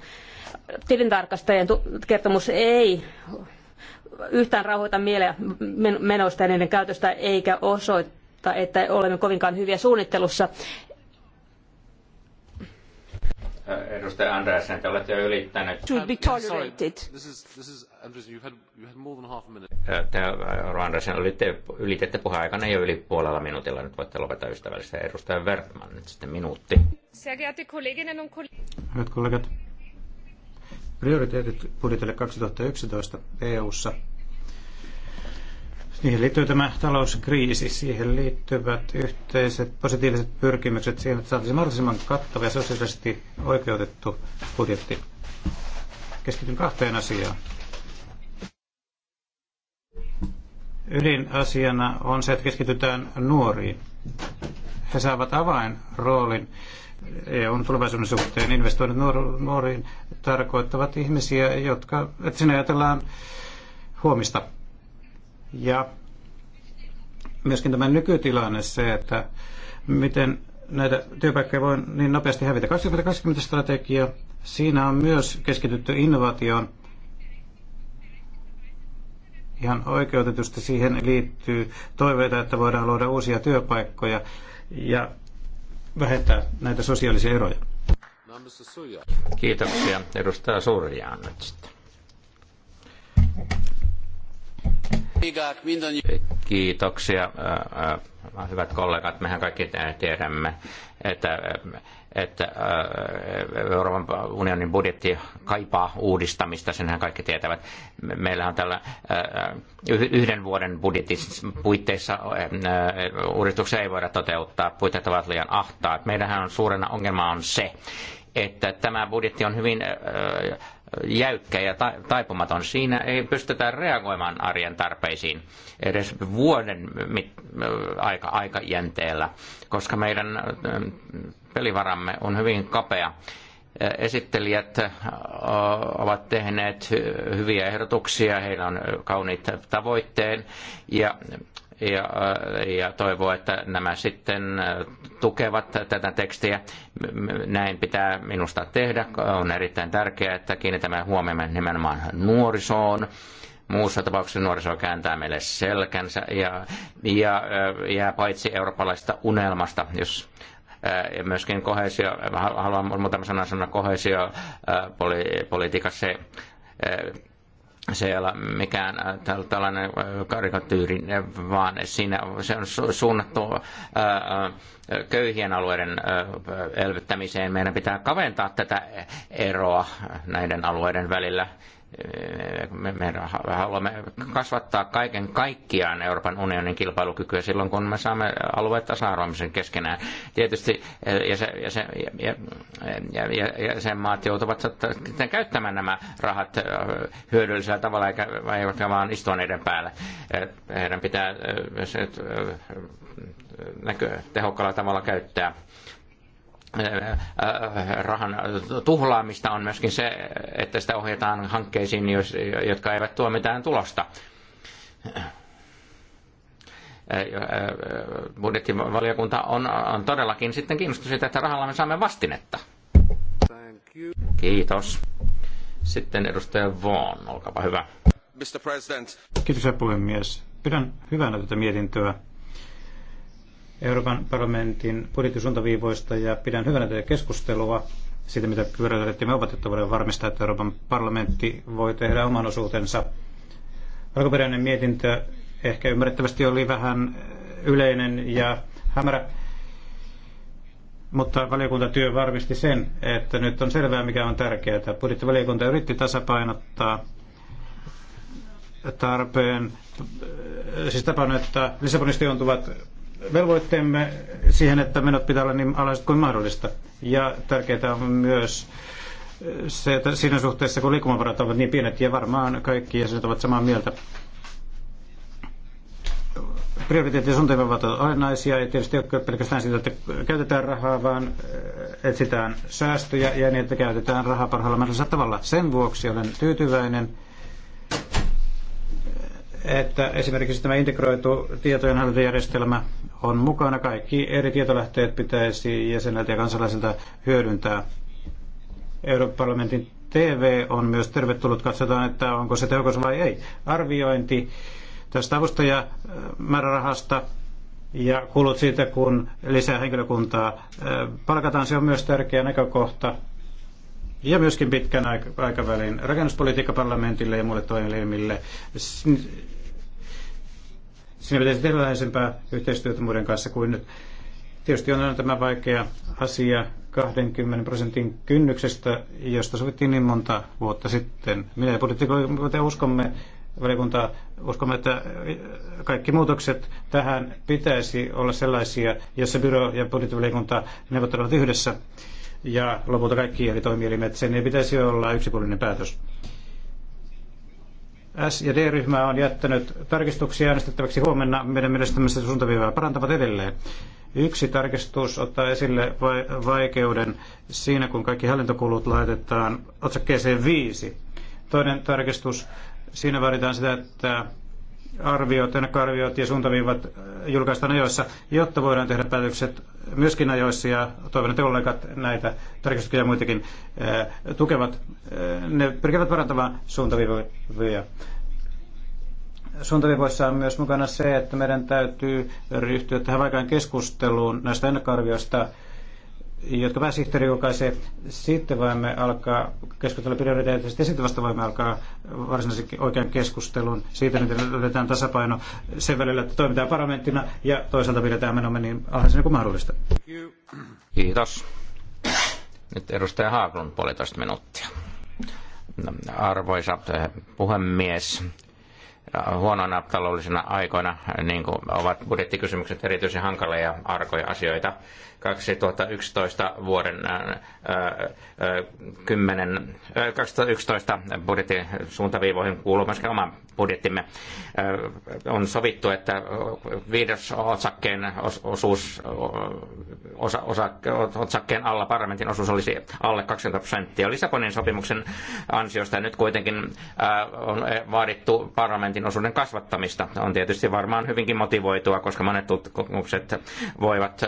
tilintarkastajien kertomus ei yhtään rauhoita mieleen menoista ja niiden käytöstä eikä osoita että olemme kovinkaan hyviä suunnittelussa Äh, edustaja Andreasen, te olette jo ylittäneet. Should be tolerated. This is, this is Andreasen, you had, you had more than half a minute. Äh, te, äh, Andreasen, olitte, ylitette puheaikana jo yli puolella minuutilla. Nyt voitte lopettaa ystävällistä. Edustaja Wertman, nyt sitten minuutti. Hyvät kollegat, prioriteetit budjetille 2011 EU-ssa Siihen liittyy tämä talouskriisi, siihen liittyvät yhteiset positiiviset pyrkimykset siihen, että saataisiin mahdollisimman kattava ja sosiaalisesti oikeutettu budjetti. Keskityn kahteen asiaan. Ydinasiana on se, että keskitytään nuoriin. He saavat avainroolin EUn tulevaisuuden suhteen. Investoinnit nuoriin tarkoittavat ihmisiä, jotka, että sinä ajatellaan huomista ja myöskin tämä nykytilanne se, että miten näitä työpaikkoja voi niin nopeasti hävitä. 2020 strategia, siinä on myös keskitytty innovaatioon. Ihan oikeutetusti siihen liittyy toiveita, että voidaan luoda uusia työpaikkoja ja vähentää näitä sosiaalisia eroja. Kiitoksia. Edustaja Surjaan nyt sitten. Kiitoksia, hyvät kollegat. Mehän kaikki tiedämme, että että Euroopan unionin budjetti kaipaa uudistamista, senhän kaikki tietävät. Meillä on tällä yhden vuoden budjetin puitteissa uudistuksia ei voida toteuttaa, puitteet ovat liian ahtaat. Meidän on suurena ongelma on se, että tämä budjetti on hyvin jäykkä ja taipumaton. Siinä ei pystytä reagoimaan arjen tarpeisiin edes vuoden aika aika, aikajänteellä, koska meidän äh, pelivaramme on hyvin kapea. Äh, esittelijät äh, ovat tehneet hyviä ehdotuksia, heillä on kauniit tavoitteen ja ja, ja toivoo, että nämä sitten äh, tukevat tätä tekstiä. Näin pitää minusta tehdä. On erittäin tärkeää, että kiinnitämme huomioon nimenomaan nuorisoon. Muussa tapauksessa nuoriso kääntää meille selkänsä ja, ja äh, jää paitsi eurooppalaista unelmasta, jos äh, ja myöskin kohesio, haluan muutaman sanan sanoa kohesio politiikassa se se ei ole mikään äh, tällainen äh, karikatyyri, äh, vaan siinä se on suunnattu köyhien alueiden elvyttämiseen. Meidän pitää kaventaa tätä eroa näiden alueiden välillä me haluamme kasvattaa kaiken kaikkiaan Euroopan unionin kilpailukykyä silloin, kun me saamme alueet tasa arvoamisen keskenään. Tietysti eh, ja ja jäsen, jäsenmaat joutuvat käyttämään nämä rahat eh, hyödyllisellä tavalla, eikä, eivätkä vaan istua niiden päällä. Eh, heidän pitää näkö, tehokkaalla tavalla käyttää rahan tuhlaamista on myöskin se, että sitä ohjataan hankkeisiin, jotka eivät tuo mitään tulosta. Budjettivaliokunta on, on todellakin sitten kiinnostunut siitä, että rahalla me saamme vastinetta. Kiitos. Sitten edustaja Vaan, olkaapa hyvä. Mr. President. Kiitos puhemies. Pidän hyvänä tätä mietintöä Euroopan parlamentin budjettisuuntaviivoista ja pidän hyvänä tätä keskustelua siitä, mitä Me ovat, että voidaan varmistaa, että Euroopan parlamentti voi tehdä oman osuutensa. Alkuperäinen mietintö ehkä ymmärrettävästi oli vähän yleinen ja hämärä, mutta valiokuntatyö varmisti sen, että nyt on selvää, mikä on tärkeää. Budjettivaliokunta yritti tasapainottaa tarpeen, siis tapana, että Lissabonista joutuvat velvoitteemme siihen, että menot pitää olla niin alaiset kuin mahdollista. Ja tärkeää on myös se, että siinä suhteessa, kun liikkumavarat ovat niin pienet, ja varmaan kaikki jäsenet ovat samaa mieltä, prioriteetit ja suunnitelmat ovat olennaisia, ja tietysti ei pelkästään siitä, että käytetään rahaa, vaan äh, etsitään säästöjä ja niin, että käytetään rahaa parhaalla mahdollisella tavalla. Sen vuoksi olen tyytyväinen että esimerkiksi tämä integroitu tietojenhallintajärjestelmä on mukana. Kaikki eri tietolähteet pitäisi jäseneltä ja kansalaisilta hyödyntää. Euroopan parlamentin TV on myös tervetullut. Katsotaan, että onko se tehokas vai ei. Arviointi tästä avustajamäärärahasta äh, ja kulut siitä, kun lisää henkilökuntaa äh, palkataan, se on myös tärkeä näkökohta. Ja myöskin pitkän aikavälin rakennuspolitiikka parlamentille ja muille toimielimille. Siinä pitäisi tehdä läheisempää yhteistyötä muiden kanssa kuin nyt. Tietysti on aina tämä vaikea asia 20 prosentin kynnyksestä, josta sovittiin niin monta vuotta sitten. Minä ja poliitikot uskomme, valiokunta uskomme, että kaikki muutokset tähän pitäisi olla sellaisia, jossa byro ja budjettivaliokunta neuvottelevat yhdessä. Ja lopulta kaikki eri toimielimet, sen ei pitäisi olla yksipuolinen päätös. S- ja D-ryhmä on jättänyt tarkistuksia äänestettäväksi huomenna. Meidän mielestämme se suuntaviivaa parantavat edelleen. Yksi tarkistus ottaa esille vaikeuden siinä, kun kaikki hallintokulut laitetaan otsakkeeseen viisi. Toinen tarkistus, siinä vaaditaan sitä, että arviot, ennakkoarviot ja suuntaviivat äh, julkaistaan ajoissa, jotta voidaan tehdä päätökset myöskin ajoissa ja toivon, että kollegat näitä tarkistuksia ja muitakin äh, tukevat. Äh, ne pyrkivät parantamaan suuntaviivoja. Suuntaviivoissa on myös mukana se, että meidän täytyy ryhtyä tähän vaikaan keskusteluun näistä ennakkoarvioista jotka pääsihteeri julkaisee. Sitten voimme alkaa keskustella prioriteetista ja sitten vasta voimme alkaa varsinaisen oikean keskustelun siitä, miten otetaan tasapaino sen välillä, että toimitaan parlamenttina ja toisaalta pidetään menomme niin alhaisena kuin mahdollista. Kiitos. Nyt edustaja Haaglund puolitoista minuuttia. Arvoisa puhemies, huonoina taloudellisina aikoina niin kuin ovat budjettikysymykset erityisen hankalia ja arkoja asioita. 2011 vuoden ää, 10, ää, 2011 budjetin suuntaviivoihin kuuluu myöskin oma budjettimme. Ää, äh, on sovittu, että viides otsakkeen osuus, osa, osa, otsakkeen alla parlamentin osuus olisi alle 20 prosenttia. Lisäponin sopimuksen ansiosta nyt kuitenkin ää, äh, on äh, vaadittu parlamentin prosentin osuuden kasvattamista on tietysti varmaan hyvinkin motivoitua, koska monet tutkimukset voivat,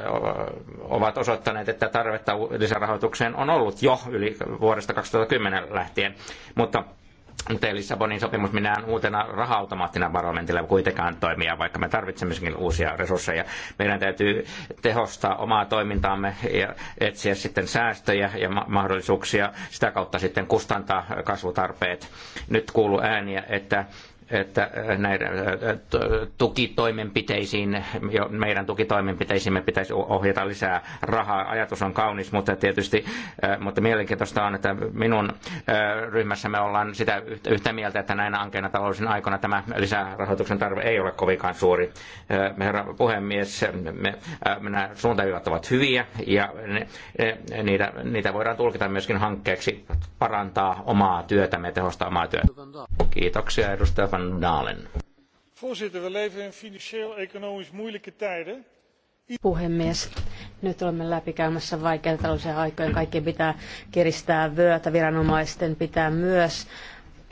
ovat osoittaneet, että tarvetta lisärahoitukseen on ollut jo yli vuodesta 2010 lähtien. Mutta mutta ei Lissabonin sopimus minään uutena raha-automaattina parlamentilla kuitenkaan toimia, vaikka me tarvitsemmekin uusia resursseja. Meidän täytyy tehostaa omaa toimintaamme ja etsiä sitten säästöjä ja mahdollisuuksia, sitä kautta sitten kustantaa kasvutarpeet. Nyt kuuluu ääniä, että että äh, näiden äh, tukitoimenpiteisiin, meidän me pitäisi ohjata lisää rahaa. Ajatus on kaunis, mutta tietysti, äh, mutta mielenkiintoista on, että minun ryhmässä me ollaan sitä yhtä mieltä, että näinä ankeina talousin aikana tämä lisärahoituksen tarve ei ole kovinkaan suuri. Herra puhemies, me, nämä suuntaviivat ovat hyviä ja ne, e, niitä, niitä voidaan tulkita myöskin hankkeeksi parantaa omaa työtämme, tehostaa omaa työtä. Kiitoksia edustaja van Dalen. Voorzitter, we leven in financieel-economisch moeilijke tijden. Puhemies, nyt olemme läpikäymässä vaikeita taloudellisia aikoja. Kaikkien pitää kiristää vyötä, viranomaisten pitää myös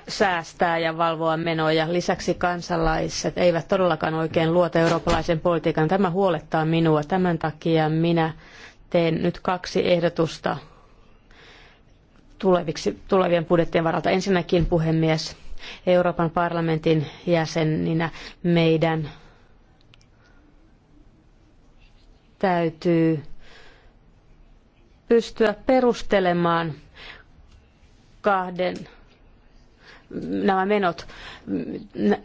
säästää ja valvoa menoja. Lisäksi kansalaiset eivät todellakaan oikein luota eurooppalaisen politiikan. Tämä huolettaa minua. Tämän takia minä teen nyt kaksi ehdotusta tuleviksi, tulevien budjettien varalta. Ensinnäkin puhemies, Euroopan parlamentin jäseninä meidän täytyy pystyä perustelemaan kahden nämä menot.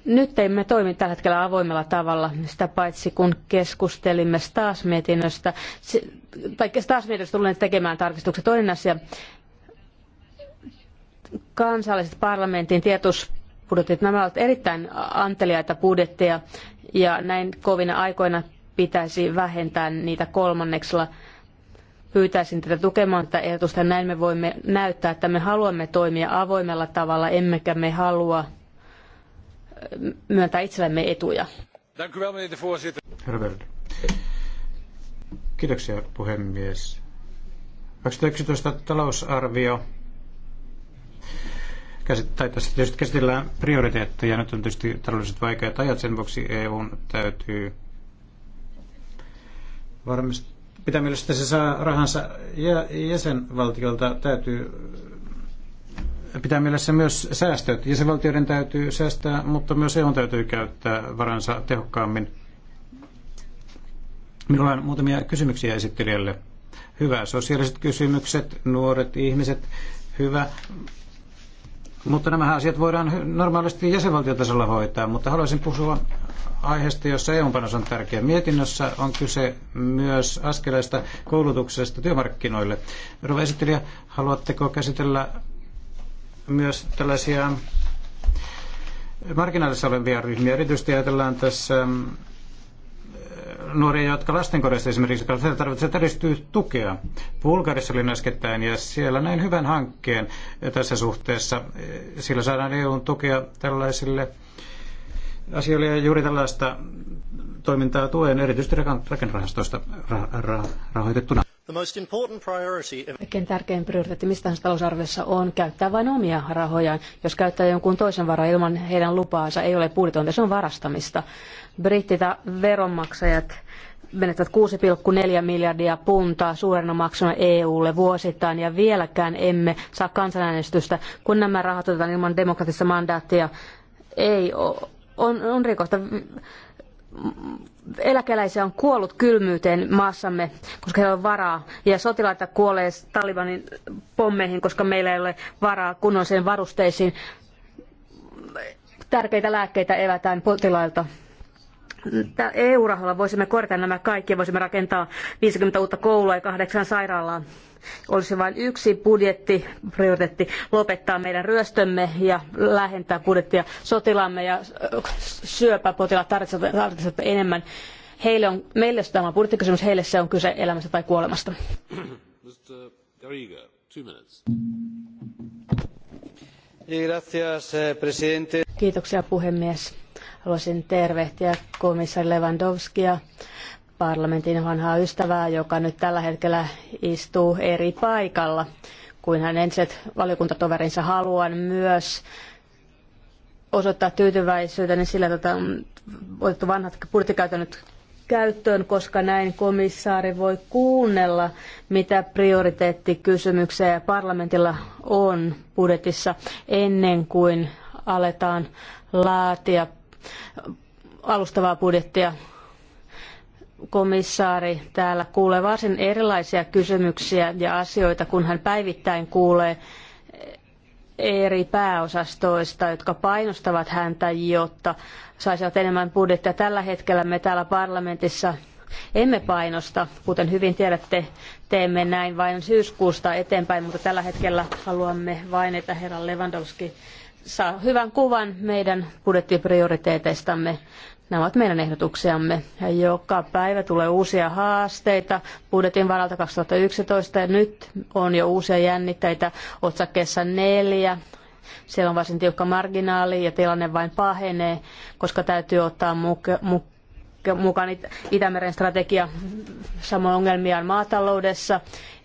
Nyt emme toimi tällä hetkellä avoimella tavalla, sitä paitsi kun keskustelimme Stas-mietinnöstä, tai Stas-mietinnöstä tulen tekemään tarkistuksia Toinen asia, kansalliset parlamentin tietosbudjetit, nämä ovat erittäin anteliaita budjetteja ja näin kovina aikoina pitäisi vähentää niitä kolmanneksella. Pyytäisin tätä tukemaan tätä ehdotusta. Näin me voimme näyttää, että me haluamme toimia avoimella tavalla, emmekä me halua äh, myöntää itsellemme etuja. Kiitoksia puhemies. 2011 talousarvio tai tässä tietysti käsitellään prioriteetteja. Nyt on tietysti taloudelliset vaikeat ajat, sen vuoksi EU täytyy varmistaa, pitää mielestä se saa rahansa jäsenvaltiolta, täytyy pitää mielessä myös säästöt. Jäsenvaltioiden täytyy säästää, mutta myös EU täytyy käyttää varansa tehokkaammin. Minulla on muutamia kysymyksiä esittelijälle. Hyvä, sosiaaliset kysymykset, nuoret ihmiset, hyvä, mutta nämä asiat voidaan normaalisti jäsenvaltiotasolla hoitaa, mutta haluaisin puhua aiheesta, jossa EU-panos on tärkeä. Mietinnössä on kyse myös askeleista koulutuksesta työmarkkinoille. Rova esittelijä, haluatteko käsitellä myös tällaisia marginaalissa olevia ryhmiä? Erityisesti ajatellaan tässä mm, nuoria, jotka lastenkodeista esimerkiksi tarvitsevat tukea. Bulgarissa oli äskettäin ja siellä näin hyvän hankkeen tässä suhteessa. Sillä saadaan EUn tukea tällaisille asioille ja juuri tällaista toimintaa tuen erityisesti rakennerahastoista ra- ra- rahoitettuna. Kaikkein tärkein prioriteetti mistä talousarviossa on käyttää vain omia rahojaan. Jos käyttää jonkun toisen varaa ilman heidän lupaansa, ei ole budjetointia, se on varastamista. Brittitä veronmaksajat menettävät 6,4 miljardia puntaa suurena maksuna EUlle vuosittain ja vieläkään emme saa kansanäänestystä, kun nämä rahat otetaan ilman demokratista mandaattia. Ei on, on rikosta. Eläkeläisiä on kuollut kylmyyteen maassamme, koska heillä on varaa. Ja sotilaita kuolee Talibanin pommeihin, koska meillä ei ole varaa kunnollisiin varusteisiin. Tärkeitä lääkkeitä evätään potilailta. EU-rahoilla voisimme korjata nämä kaikki ja voisimme rakentaa 50 uutta koulua ja kahdeksan sairaalaa. Olisi vain yksi budjetti, prioriteetti, lopettaa meidän ryöstömme ja lähentää budjettia. Sotilaamme ja syöpäpotilaat tarvitsevat, tarvitsevat enemmän. Heille on, meille tämä on budjettikysymys, heille se on kyse elämästä tai kuolemasta. Eh, Kiitoksia puhemies Haluaisin tervehtiä komissaari Lewandowskia, parlamentin vanhaa ystävää, joka nyt tällä hetkellä istuu eri paikalla kuin hän entiset valiokuntatoverinsa. Haluan myös osoittaa tyytyväisyyteni sillä, että on otettu vanhat budjettikäytännöt käyttöön, koska näin komissaari voi kuunnella, mitä prioriteettikysymyksiä parlamentilla on budjetissa ennen kuin aletaan laatia alustavaa budjettia. Komissaari täällä kuulee varsin erilaisia kysymyksiä ja asioita, kun hän päivittäin kuulee eri pääosastoista, jotka painostavat häntä, jotta saisivat enemmän budjettia. Tällä hetkellä me täällä parlamentissa emme painosta, kuten hyvin tiedätte, teemme näin vain syyskuusta eteenpäin, mutta tällä hetkellä haluamme vain, että herra Lewandowski saa hyvän kuvan meidän budjettiprioriteeteistamme. Nämä ovat meidän ehdotuksiamme. Ja joka päivä tulee uusia haasteita budjetin varalta 2011 ja nyt on jo uusia jännitteitä otsakkeessa neljä. Siellä on varsin tiukka marginaali ja tilanne vain pahenee, koska täytyy ottaa mukaan Itämeren strategia. Samoin ongelmia on maataloudessa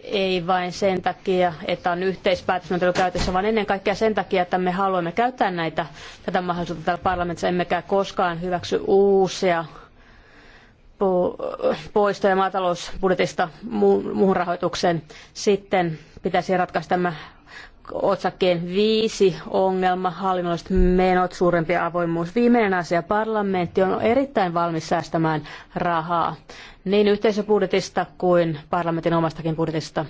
ei vain sen takia, että on yhteispäätösmenettely käytössä, vaan ennen kaikkea sen takia, että me haluamme käyttää näitä, tätä mahdollisuutta täällä parlamentissa, emmekä koskaan hyväksy uusia poistoja maatalousbudjetista muuhun rahoitukseen. Sitten pitäisi ratkaista tämä otsakkeen viisi ongelma, hallinnolliset menot, suurempi avoimuus. Viimeinen asia, parlamentti on erittäin valmis säästämään rahaa niin yhteisöbudjetista kuin parlamentin omastakin budjetista,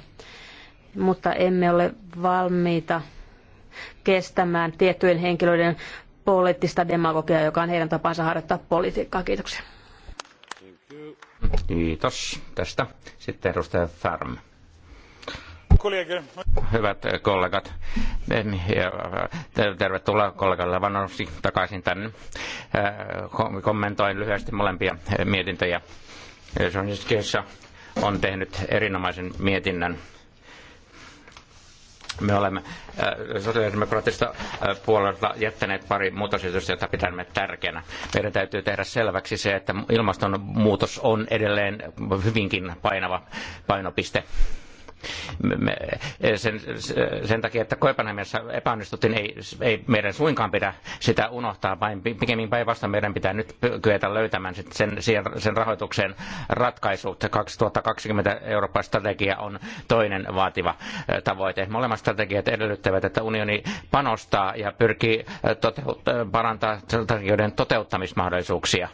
mutta emme ole valmiita kestämään tiettyjen henkilöiden poliittista demagogiaa, joka on heidän tapansa harjoittaa politiikkaa. Kiitoksia. Kiitos tästä. Sitten edustaja Färm. Hyvät kollegat, tervetuloa kollega Levanovski takaisin tänne. Äh, kommentoin lyhyesti molempia mietintöjä. Sonskiessa on tehnyt erinomaisen mietinnän me olemme äh, sosiaalidemokraattisesta äh, puolelta jättäneet pari muutosesitystä, joita pidämme tärkeänä. Meidän täytyy tehdä selväksi se, että ilmastonmuutos on edelleen hyvinkin painava painopiste Eh, sen, sen takia, että Koipanhamiassa epäonnistuttiin, ei, ei meidän suinkaan pidä sitä unohtaa, vaan pikemmin päinvastoin meidän pitää nyt kyetä löytämään sit sen, sen rahoituksen ratkaisut. 2020 Euroopan strategia on toinen vaativa eh, tavoite. Molemmat strategiat edellyttävät, että unioni panostaa ja pyrkii eh, toteut- parantaa strategioiden toteuttamismahdollisuuksia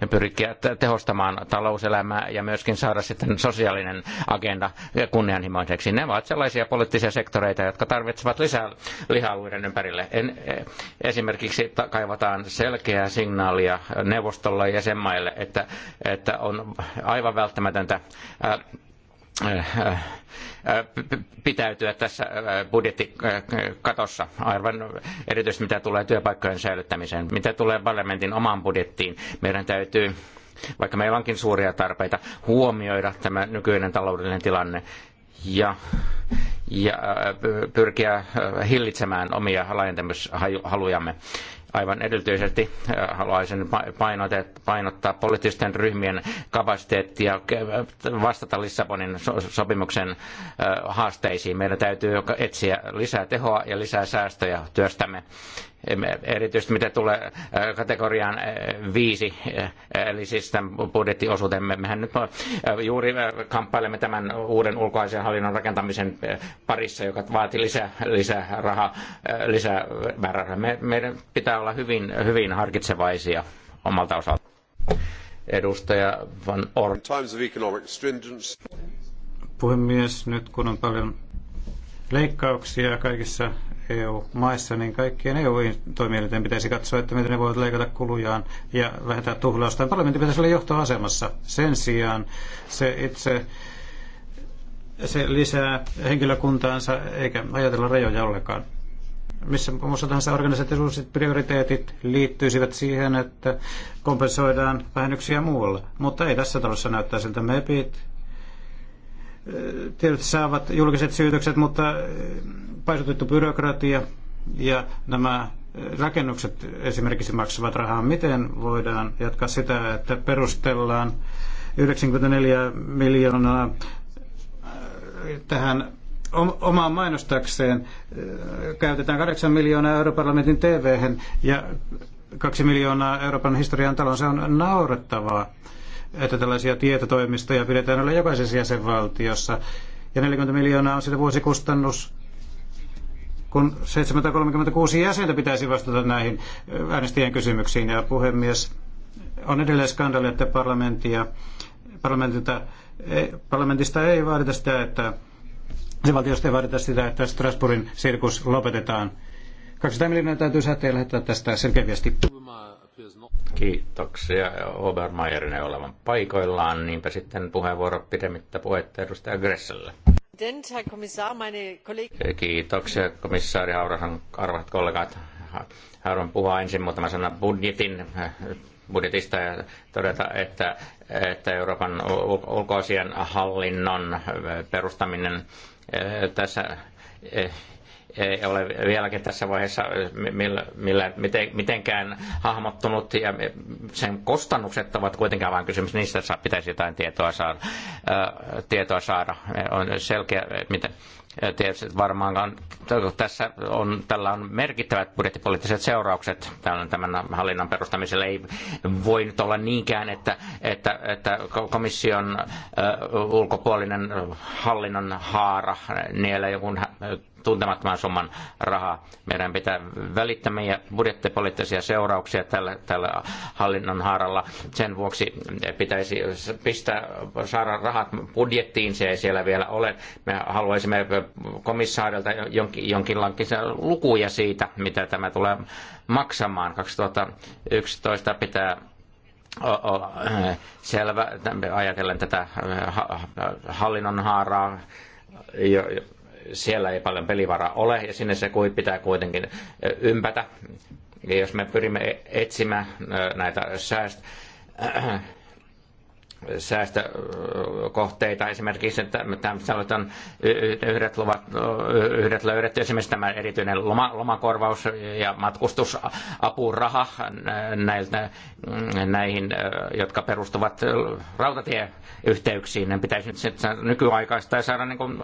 ja pyrkiä tehostamaan talouselämää ja myöskin saada sitten sosiaalinen agenda kunnianhimoiseksi. Ne ovat sellaisia poliittisia sektoreita, jotka tarvitsevat lisää lihaluiden ympärille. En, e, esimerkiksi kaivataan selkeää signaalia neuvostolle ja jäsenmaille, että, että on aivan välttämätöntä Äh, äh, äh, pitäytyä tässä budjettikatossa, aivan erityisesti mitä tulee työpaikkojen säilyttämiseen, mitä tulee parlamentin omaan budjettiin. Meidän täytyy, vaikka meillä onkin suuria tarpeita, huomioida tämä nykyinen taloudellinen tilanne ja, ja pyrkiä hillitsemään omia laajentamishalujamme. Aivan erityisesti äh, haluaisin painottaa poliittisten ryhmien kapasiteettia vastata Lissabonin sopimuksen äh, haasteisiin. Meidän täytyy etsiä lisää tehoa ja lisää säästöjä työstämme erityisesti mitä tulee äh, kategoriaan äh, viisi, äh, eli siis tämän budjettiosuuteen. Mehän nyt juuri kamppailemme tämän uuden ulkoisen hallinnon rakentamisen parissa, joka vaatii lisää, lisää rahaa, lisää määrärahaa. Me, meidän pitää olla hyvin, hyvin harkitsevaisia omalta osalta. Edustaja Van Puhemies, nyt kun on paljon leikkauksia kaikissa EU-maissa, niin kaikkien EU-toimielinten pitäisi katsoa, että miten ne voivat leikata kulujaan ja vähentää tuhlausta. Parlamentti pitäisi olla johtoasemassa. Sen sijaan se itse se lisää henkilökuntaansa eikä ajatella rajoja ollenkaan. Missä muussa tahansa organisaatioiset prioriteetit liittyisivät siihen, että kompensoidaan vähennyksiä muualle. Mutta ei tässä talossa näyttää siltä mepit, tietysti saavat julkiset syytökset, mutta paisutettu byrokratia ja nämä rakennukset esimerkiksi maksavat rahaa. Miten voidaan jatkaa sitä, että perustellaan 94 miljoonaa tähän omaan mainostakseen. Käytetään 8 miljoonaa europarlamentin tv ja 2 miljoonaa Euroopan historian talon. Se on naurettavaa että tällaisia tietotoimistoja pidetään olla jokaisessa jäsenvaltiossa. Ja 40 miljoonaa on sitä vuosikustannus, kun 736 jäsentä pitäisi vastata näihin äänestäjien kysymyksiin. Ja puhemies, on edelleen skandaali, että parlamentia, parlamentista ei vaadita sitä, että se valtiosta ei vaadita sitä, että Strasbourgin sirkus lopetetaan. 200 miljoonaa täytyy säteellä lähettää tästä selkeä viesti. Kiitoksia Obermeierinen olevan paikoillaan. Niinpä sitten puheenvuoro pidemmittä puhetta edustaja Gresselle. Kiitoksia komissaari Haurahan arvat kollegat. Haluan puhua ensin muutama sana budjetin budjetista ja todeta, että, että Euroopan ulkoasian hallinnon perustaminen eh, tässä eh, ei ole vieläkin tässä vaiheessa millä, millä, miten, mitenkään hahmottunut ja sen kustannukset ovat kuitenkin vain kysymys, niistä pitäisi jotain tietoa saada. Ää, tietoa saada. On selkeä, miten, Tietysti varmaankaan tässä on, tällä on merkittävät budjettipoliittiset seuraukset tämän hallinnan perustamiselle. Ei voi nyt olla niinkään, että, että, että komission ulkopuolinen hallinnon haara niellä joku tuntemattoman summan rahaa. Meidän pitää meidän budjettipoliittisia seurauksia tällä, tällä hallinnon haaralla. Sen vuoksi pitäisi pistää, saada rahat budjettiin, se ei siellä vielä ole. Me haluaisimme komissaarilta jonkinlaisia lukuja siitä, mitä tämä tulee maksamaan. 2011 pitää olla selvä, ajatellen tätä äh, hallinnon haaraa, siellä ei paljon pelivaraa ole ja sinne se pitää kuitenkin äh, ympätä. Ja jos me pyrimme e-, etsimään äh, näitä säästöjä, säästökohteita. Esimerkiksi että on yhdet, luvat, yhdet löydetty, esimerkiksi tämä erityinen loma, lomakorvaus ja matkustusapuraha näiltä, mm, näihin, jotka perustuvat rautatieyhteyksiin. Ne pitäisi nyt nykyaikaista ja saada niin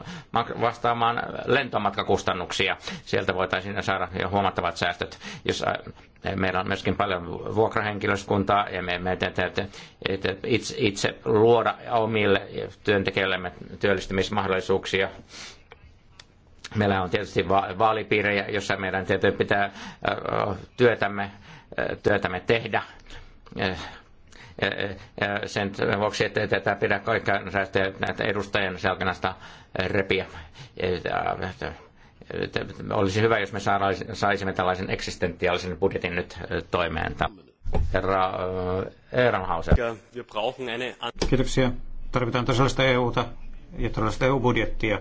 vastaamaan lentomatkakustannuksia. Sieltä voitaisiin saada jo huomattavat säästöt. Jos Meillä on myöskin paljon vuokrahenkilöskuntaa ja me, me te, te, te, itse, itse luoda omille työntekijöillemme työllistymismahdollisuuksia. Meillä on tietysti vaalipiirejä, jossa meidän tietysti pitää työtämme, työtämme tehdä sen vuoksi, että tätä pidä kaikkea näitä edustajien niin selkänästä repiä olisi hyvä, jos me saisimme tällaisen eksistentiaalisen budjetin nyt toimeen. Herra Ehrenhauser. Kiitoksia. Tarvitaan tosiaan EUta ja tosiaalista EU-budjettia.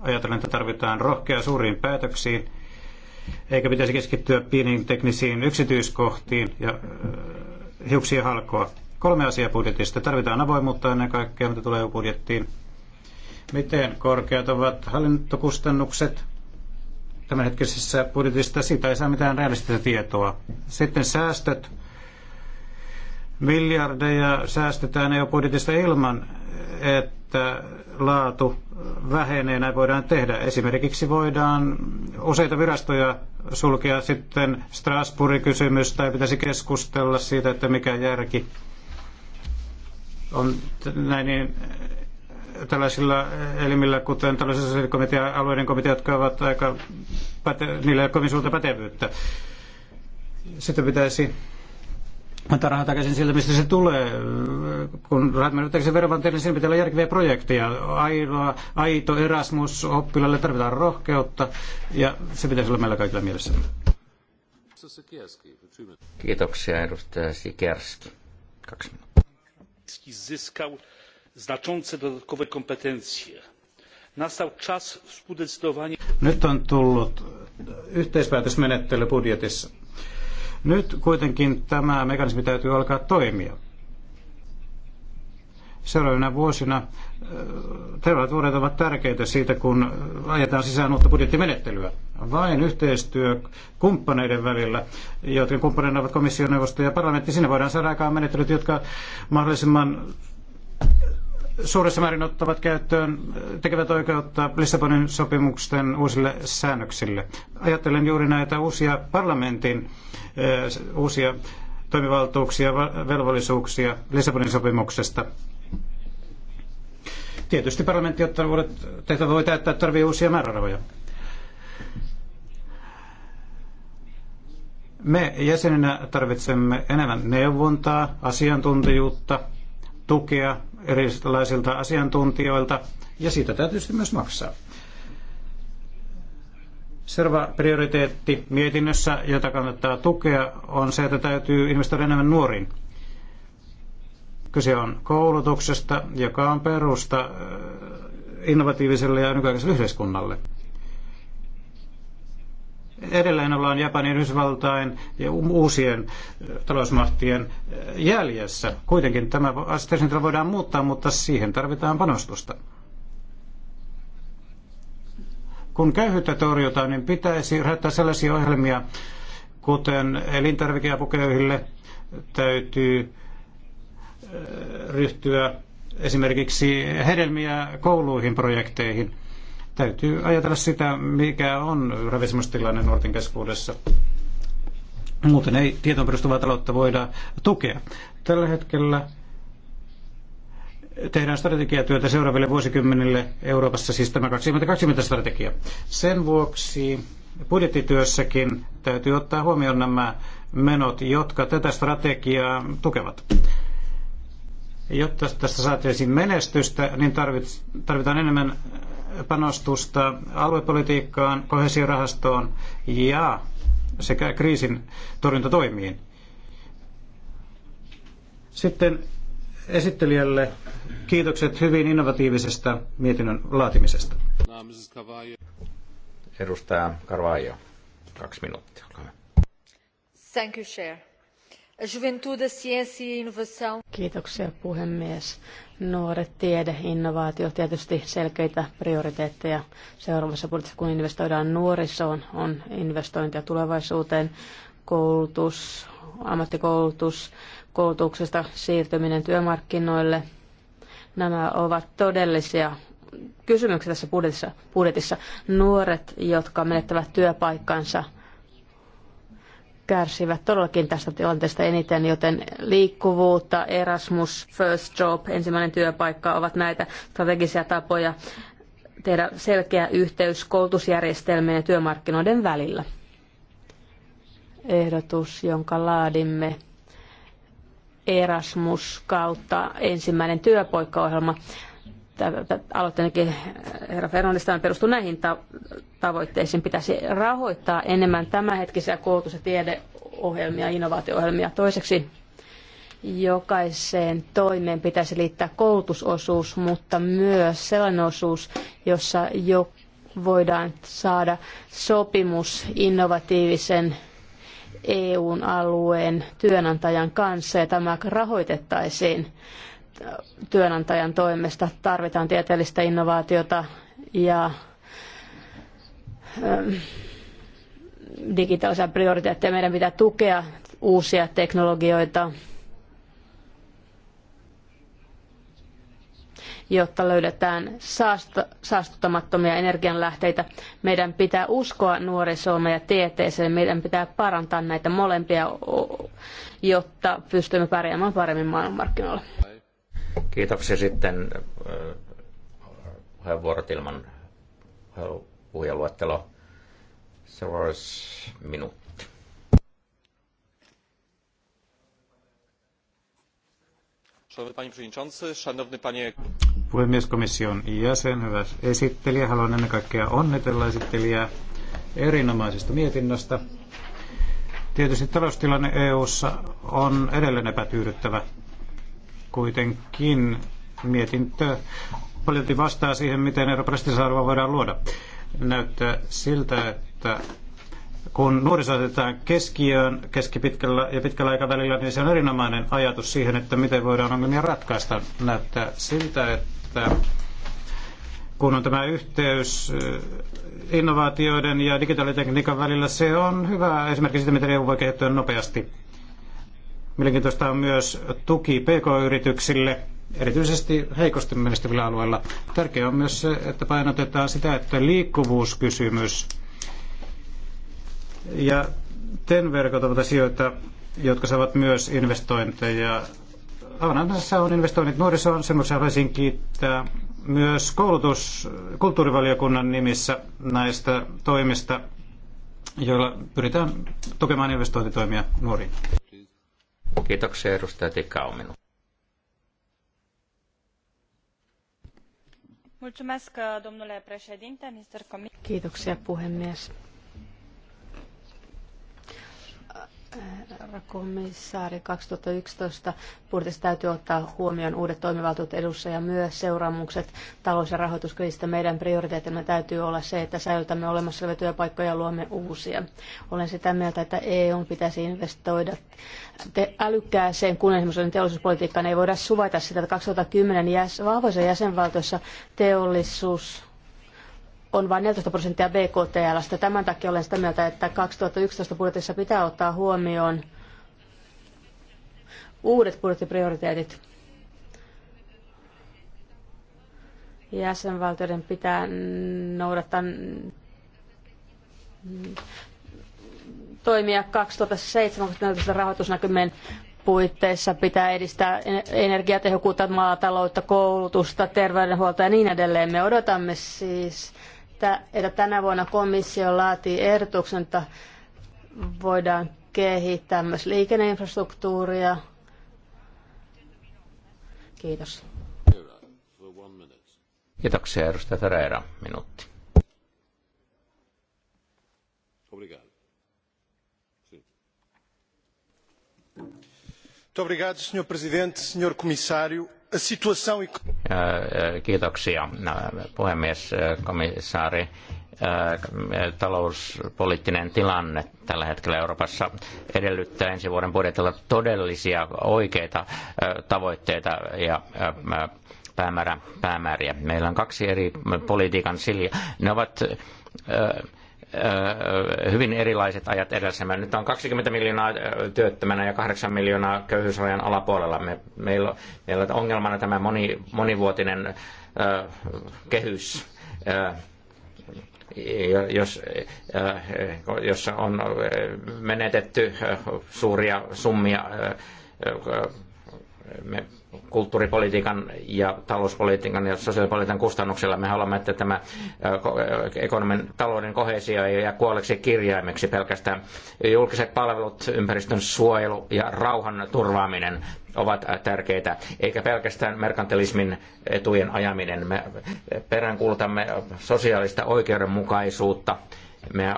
Ajatellen, että tarvitaan rohkea suuriin päätöksiin, eikä pitäisi keskittyä pieniin teknisiin yksityiskohtiin ja hiuksia halkoa. Kolme asiaa budjetista. Tarvitaan avoimuutta ennen kaikkea, mitä tulee EU-budjettiin. Miten korkeat ovat hallintokustannukset? tämänhetkisessä budjetista, siitä ei saa mitään realistista tietoa. Sitten säästöt. Miljardeja säästetään jo budjetista ilman, että laatu vähenee, näin voidaan tehdä. Esimerkiksi voidaan useita virastoja sulkea sitten Strasbourgin kysymys, tai pitäisi keskustella siitä, että mikä järki on näin, niin tällaisilla elimillä, kuten tällaisilla alueiden komitea, jotka ovat aika, päte- niillä ei ole kovin suurta pätevyyttä. Sitä pitäisi antaa rahaa takaisin sieltä, mistä se tulee. Kun rahat menevät takaisin verovanteen, niin siinä pitää olla järkeviä projekteja. Ainoa, aito Erasmus oppilaille tarvitaan rohkeutta ja se pitäisi olla meillä kaikilla mielessä. Kiitoksia edustaja Sikerski. Kaksi minuuttia znaczące dodatkowe kompetencje. Nastał czas współdecydowania. Nyt on tullut e, yhteispäätösmenettely budjetissa. Nyt kuitenkin tämä mekanismi täytyy alkaa toimia. Seuraavina vuosina e, seuraavat vuodet ovat tärkeitä siitä, kun ajetaan sisään uutta budjettimenettelyä. Vain yhteistyö kumppaneiden välillä, joiden kumppaneina ovat komissioneuvosto ja parlamentti, sinne voidaan saada aikaan menettelyt, jotka mahdollisimman suuressa määrin ottavat käyttöön, tekevät oikeutta Lissabonin sopimuksen uusille säännöksille. Ajattelen juuri näitä uusia parlamentin eh, uusia toimivaltuuksia, velvollisuuksia Lissabonin sopimuksesta. Tietysti parlamentti, jotta tehtävä voi täyttää, tarvii uusia määrärahoja. Me jäseninä tarvitsemme enemmän neuvontaa, asiantuntijuutta, tukea erilaisilta asiantuntijoilta, ja siitä täytyy myös maksaa. Seuraava prioriteetti mietinnössä, jota kannattaa tukea, on se, että täytyy investoida enemmän nuoriin. Kyse on koulutuksesta, joka on perusta äh, innovatiiviselle ja nykyaikaiselle yhteiskunnalle edelleen ollaan Japanin, Yhdysvaltain ja uusien talousmahtien jäljessä. Kuitenkin tämä asetelma voidaan muuttaa, mutta siihen tarvitaan panostusta. Kun köyhyyttä torjutaan, niin pitäisi rahoittaa sellaisia ohjelmia, kuten elintarvikeapuköyhille täytyy ryhtyä esimerkiksi hedelmiä kouluihin projekteihin – Täytyy ajatella sitä, mikä on ravitsemustilanne nuorten keskuudessa. Muuten ei tietoon perustuvaa taloutta voida tukea. Tällä hetkellä tehdään strategiatyötä seuraaville vuosikymmenille Euroopassa, siis tämä 2020-strategia. Sen vuoksi budjettityössäkin täytyy ottaa huomioon nämä menot, jotka tätä strategiaa tukevat. Jotta tästä saataisiin menestystä, niin tarvitaan enemmän panostusta aluepolitiikkaan, kohesiorahastoon ja sekä kriisin torjuntatoimiin. Sitten esittelijälle kiitokset hyvin innovatiivisesta mietinnön laatimisesta. Edustaja Carvalho, kaksi minuuttia, Thank you, Chair. Juventude, Scienci, e Kiitoksia puhemies. Nuoret, tiede, innovaatio, tietysti selkeitä prioriteetteja seuraavassa budjetissa, kun investoidaan nuorisoon, on investointia tulevaisuuteen, koulutus, ammattikoulutus, koulutuksesta siirtyminen työmarkkinoille. Nämä ovat todellisia kysymyksiä tässä budjetissa, budjetissa. Nuoret, jotka menettävät työpaikkansa, kärsivät todellakin tästä tilanteesta eniten, joten liikkuvuutta, Erasmus, First Job, ensimmäinen työpaikka ovat näitä strategisia tapoja tehdä selkeä yhteys koulutusjärjestelmien ja työmarkkinoiden välillä. Ehdotus, jonka laadimme Erasmus kautta ensimmäinen työpaikkaohjelma aloitteenkin eh, herra Fernandestaan perustuu näihin tavoitteisiin. Pitäisi rahoittaa enemmän tämänhetkisiä koulutus- ja tiedeohjelmia, innovaatioohjelmia. Toiseksi jokaiseen toimeen pitäisi liittää koulutusosuus, mutta myös sellainen osuus, jossa jo voidaan saada sopimus innovatiivisen EUn alueen työnantajan kanssa ja tämä rahoitettaisiin työnantajan toimesta. Tarvitaan tieteellistä innovaatiota ja ähm, digitaalisia prioriteetteja. Meidän pitää tukea uusia teknologioita, jotta löydetään saastuttamattomia energianlähteitä. Meidän pitää uskoa nuorisoomme ja tieteeseen. Meidän pitää parantaa näitä molempia, jotta pystymme pärjäämään paremmin maailmanmarkkinoilla. Kiitoksia sitten äh, puheenvuorot ilman puhujaluettelo. Se olisi minuutti. Szanowny Panie Puhemieskomission jäsen, hyvä esittelijä. Haluan ennen kaikkea onnitella esittelijää erinomaisesta mietinnöstä. Tietysti taloustilanne EU:ssa on edelleen epätyydyttävä kuitenkin mietintö paljon vastaa siihen, miten eurooppalaista arvoa voidaan luoda. Näyttää siltä, että kun nuoriso otetaan keskiöön keskipitkällä ja pitkällä aikavälillä, niin se on erinomainen ajatus siihen, että miten voidaan ongelmia ratkaista. Näyttää siltä, että kun on tämä yhteys eh, innovaatioiden ja digitaalitekniikan välillä, se on hyvä esimerkki siitä, miten EU voi kehittyä nopeasti. Mielenkiintoista on myös tuki PK-yrityksille, erityisesti heikosti menestyvillä alueilla. Tärkeää on myös se, että painotetaan sitä, että liikkuvuuskysymys ja TEN-verkot ovat asioita, jotka saavat myös investointeja. Avanantassa on investoinnit nuorisoon, sen vuoksi haluaisin kiittää myös koulutus- kulttuurivaliokunnan nimissä näistä toimista, joilla pyritään tukemaan investointitoimia nuoriin. Kiitoksia edustaja Tikka on Kiitoksia puhemies. Herra komissaari, 2011 budjetissa täytyy ottaa huomioon uudet toimivaltuut edussa ja myös seuraamukset talous- ja rahoituskriisistä. Meidän prioriteettimme täytyy olla se, että säilytämme olemassa olevia työpaikkoja ja luomme uusia. Olen sitä mieltä, että EU pitäisi investoida te- älykkääseen kunnianhimoisen teollisuuspolitiikkaan. Ei voida suvaita sitä, että 2010 jäs- vahvoissa jäsenvaltoissa teollisuus on vain 14 prosenttia BKTLstä. Tämän takia olen sitä mieltä, että 2011 budjetissa pitää ottaa huomioon uudet budjettiprioriteetit. Jäsenvaltioiden pitää noudattaa toimia 2017 rahoitusnäkymien puitteissa pitää edistää energiatehokkuutta, maataloutta, koulutusta, terveydenhuoltoa ja niin edelleen. Me odotamme siis että tänä vuonna komissio laatii ehdotuksen, että voidaan kehittää myös liikenneinfrastruktuuria. Kiitos. Kiitoksia, edustaja Tereira. Minuutti. senhor presidente senhor comissário Kiitoksia puhemies, komissaari. Talouspoliittinen tilanne tällä hetkellä Euroopassa edellyttää ensi vuoden budjetilla todellisia oikeita tavoitteita ja päämäärä, päämääriä. Meillä on kaksi eri politiikan siljaa. Ne ovat hyvin erilaiset ajat edellisemmän. Nyt on 20 miljoonaa työttömänä ja 8 miljoonaa köyhyysrajan alapuolella. Me, meillä, meillä on ongelmana tämä moni, monivuotinen ö, kehys. Ö, jos, jossa on menetetty suuria summia me kulttuuripolitiikan ja talouspolitiikan ja sosiaalipolitiikan kustannuksella. Me haluamme, että tämä ekonomin talouden kohesio ei jää kuolleeksi kirjaimeksi pelkästään. Julkiset palvelut, ympäristön suojelu ja rauhan turvaaminen ovat tärkeitä, eikä pelkästään merkantilismin etujen ajaminen. Me peräänkuulutamme sosiaalista oikeudenmukaisuutta. Me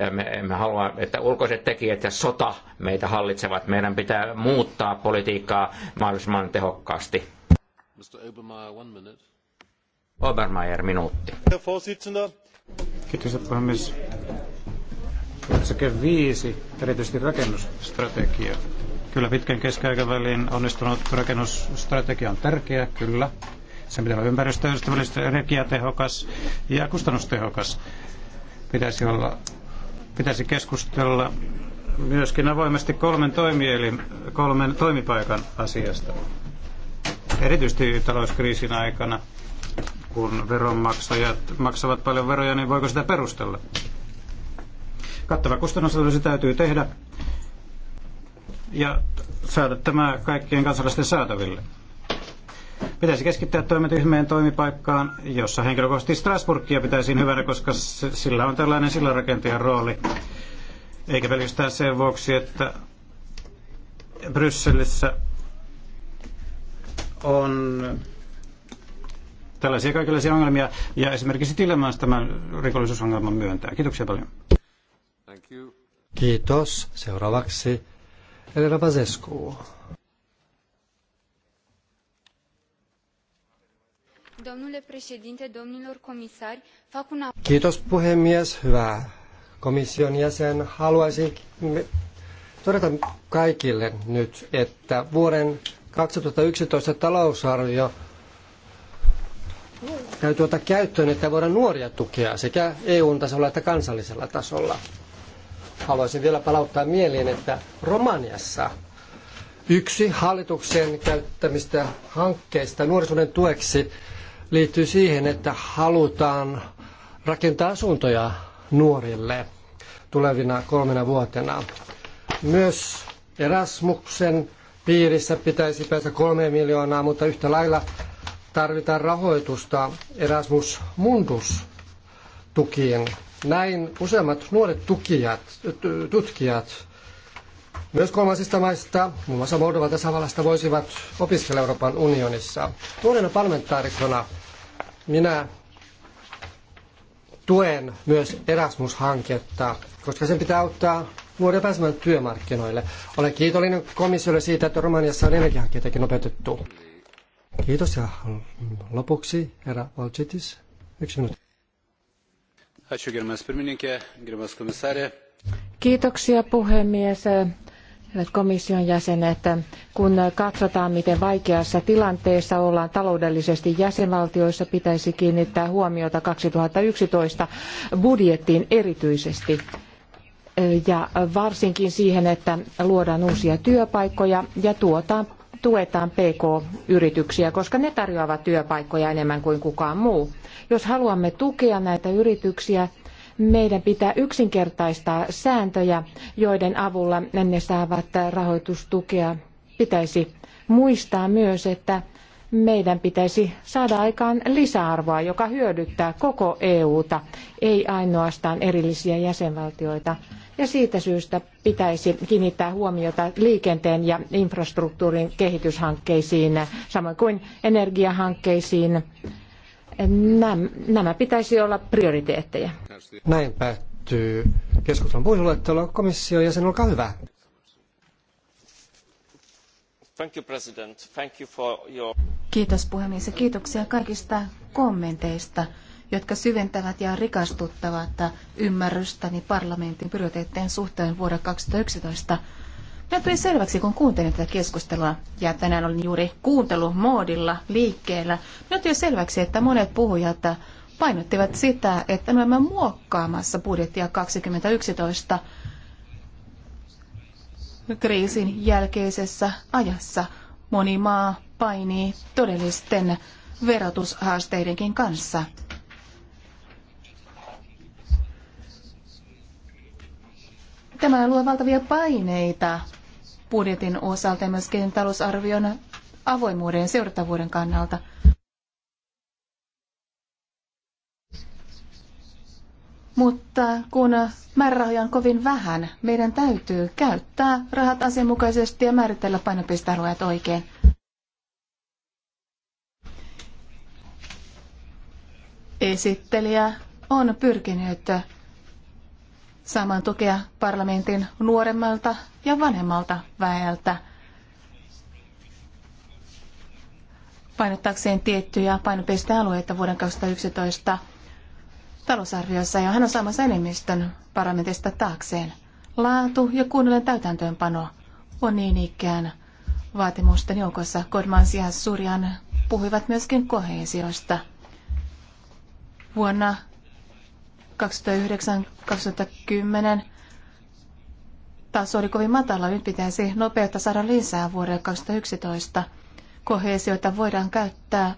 emme eh, halua, että ulkoiset tekijät ja sota meitä hallitsevat. Meidän pitää muuttaa politiikkaa mahdollisimman tehokkaasti. Mr. Obermeier, one minute. Obermeier, minuutti. Kiitos, puhemies. Otsake erityisesti rakennusstrategia. Kyllä pitkän keskiaikavälin onnistunut rakennusstrategia on tärkeä, kyllä. Sen pitää olla ympäristöystävällisesti energiatehokas ja kustannustehokas. Pitäisi, olla, pitäisi keskustella myöskin avoimesti kolmen, toimielin, kolmen toimipaikan asiasta. Erityisesti talouskriisin aikana, kun veronmaksajat maksavat paljon veroja, niin voiko sitä perustella? Kattava kustannusanalyysi täytyy tehdä ja saada tämä kaikkien kansalaisten saataville. Pitäisi keskittää toimet yhmeen toimipaikkaan, jossa henkilökohtaisesti Strasburgia pitäisi hyvänä, koska sillä on tällainen sillanrakentajan rooli. Eikä pelkästään sen vuoksi, että Brysselissä on tällaisia kaikenlaisia ongelmia, ja esimerkiksi Tillemans tämän rikollisuusongelman myöntää. Kiitoksia paljon. Kiitos. Seuraavaksi Elena Vazescu. Domnule președinte, domnilor comisari, fac un Kiitos puhemies, hyvä komission jäsen. Haluaisin todeta kaikille nyt, että vuoden 2011 talousarvio täytyy ottaa käyttöön, että voidaan nuoria tukea sekä EU-tasolla että kansallisella tasolla. Haluaisin vielä palauttaa mieliin, että Romaniassa yksi hallituksen käyttämistä hankkeista nuorisuuden tueksi liittyy siihen, että halutaan rakentaa asuntoja nuorille tulevina kolmena vuotena. Myös Erasmuksen piirissä pitäisi päästä kolme miljoonaa, mutta yhtä lailla tarvitaan rahoitusta Erasmus Mundus tukiin. Näin useammat nuoret tukijat, tutkijat myös kolmansista maista, muun muassa Moldovan tasavallasta, voisivat opiskella Euroopan unionissa. Nuorena parlamentaarikkona minä tuen myös Erasmus-hanketta, koska sen pitää auttaa nuoria pääsemään työmarkkinoille. Olen kiitollinen komissiolle siitä, että Romaniassa on energiahankkeitakin opetettu. Kiitos ja lopuksi herra Valcitis. Yksi minuutti. Kiitoksia puhemies. Hyvät komission jäsenet, kun katsotaan, miten vaikeassa tilanteessa ollaan taloudellisesti jäsenvaltioissa, pitäisi kiinnittää huomiota 2011 budjettiin erityisesti ja varsinkin siihen, että luodaan uusia työpaikkoja ja tuotaan, tuetaan PK-yrityksiä, koska ne tarjoavat työpaikkoja enemmän kuin kukaan muu. Jos haluamme tukea näitä yrityksiä, meidän pitää yksinkertaistaa sääntöjä, joiden avulla ne saavat rahoitustukea. Pitäisi muistaa myös, että meidän pitäisi saada aikaan lisäarvoa, joka hyödyttää koko EUta, ei ainoastaan erillisiä jäsenvaltioita. Ja siitä syystä pitäisi kiinnittää huomiota liikenteen ja infrastruktuurin kehityshankkeisiin, samoin kuin energiahankkeisiin Nämä pitäisi olla prioriteetteja. Näin päättyy keskustelun puheenjohtaja komissio ja sen olkaa hyvä. Kiitos puhemies ja kiitoksia kaikista kommenteista, jotka syventävät ja rikastuttavat ymmärrystäni parlamentin prioriteettien suhteen vuoden 2011 Mä tuli selväksi, kun kuuntelin tätä keskustelua, ja tänään olin juuri kuuntelumoodilla liikkeellä, mä tuli selväksi, että monet puhujat painottivat sitä, että me olemme muokkaamassa budjettia 2011 kriisin jälkeisessä ajassa. Moni maa painii todellisten verotushaasteidenkin kanssa. Tämä luo valtavia paineita budjetin osalta ja myöskin talousarvion avoimuuden ja seurattavuuden kannalta. Mutta kun määrärahoja on kovin vähän, meidän täytyy käyttää rahat asianmukaisesti ja määritellä painopistealueet oikein. Esittelijä on pyrkinyt saamaan tukea parlamentin nuoremmalta ja vanhemmalta väeltä painottaakseen tiettyjä painopistealueita vuoden 2011 talousarviossa ja hän on saamassa enemmistön parlamentista taakseen. Laatu ja kuunnellen täytäntöönpano on niin ikään vaatimusten joukossa. Kodmans ja Surjan puhuivat myöskin koheesiosta. Vuonna 2009-2010 taso oli kovin matala. Nyt pitäisi nopeutta saada lisää vuodelle 2011. Kohesioita voidaan käyttää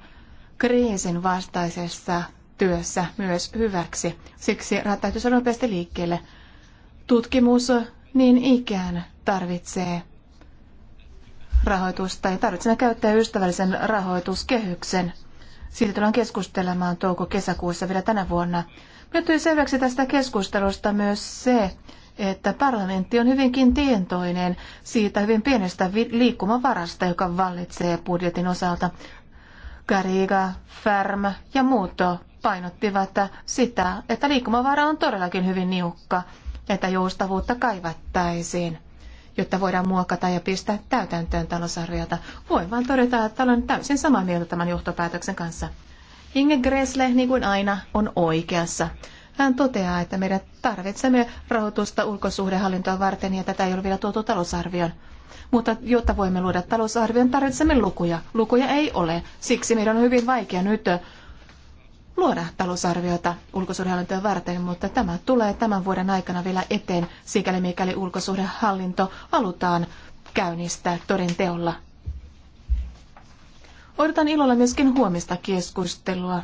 kriisin vastaisessa työssä myös hyväksi. Siksi rahat täytyy saada nopeasti liikkeelle. Tutkimus niin ikään tarvitsee rahoitusta ja tarvitsemme käyttäjäystävällisen rahoituskehyksen. Siitä tullaan keskustelemaan touko-kesäkuussa vielä tänä vuonna. Nyt selväksi tästä keskustelusta myös se, että parlamentti on hyvinkin tietoinen siitä hyvin pienestä liikkumavarasta, joka vallitsee budjetin osalta. Gariga, Färm ja muut painottivat sitä, että liikkumavara on todellakin hyvin niukka, että joustavuutta kaivattaisiin jotta voidaan muokata ja pistää täytäntöön talousarviota. Voin vain todeta, että olen täysin samaa mieltä tämän johtopäätöksen kanssa. Inge Gressle, niin kuin aina, on oikeassa. Hän toteaa, että meidän tarvitsemme rahoitusta ulkosuhdehallintoa varten ja tätä ei ole vielä tuotu talousarvioon. Mutta jotta voimme luoda talousarvion, tarvitsemme lukuja. Lukuja ei ole. Siksi meidän on hyvin vaikea nyt luoda talousarviota ulkosuhdehallintoa varten, mutta tämä tulee tämän vuoden aikana vielä eteen, sikäli mikäli ulkosuhdehallinto halutaan käynnistää toden teolla. Odotan ilolla myöskin huomista keskustelua.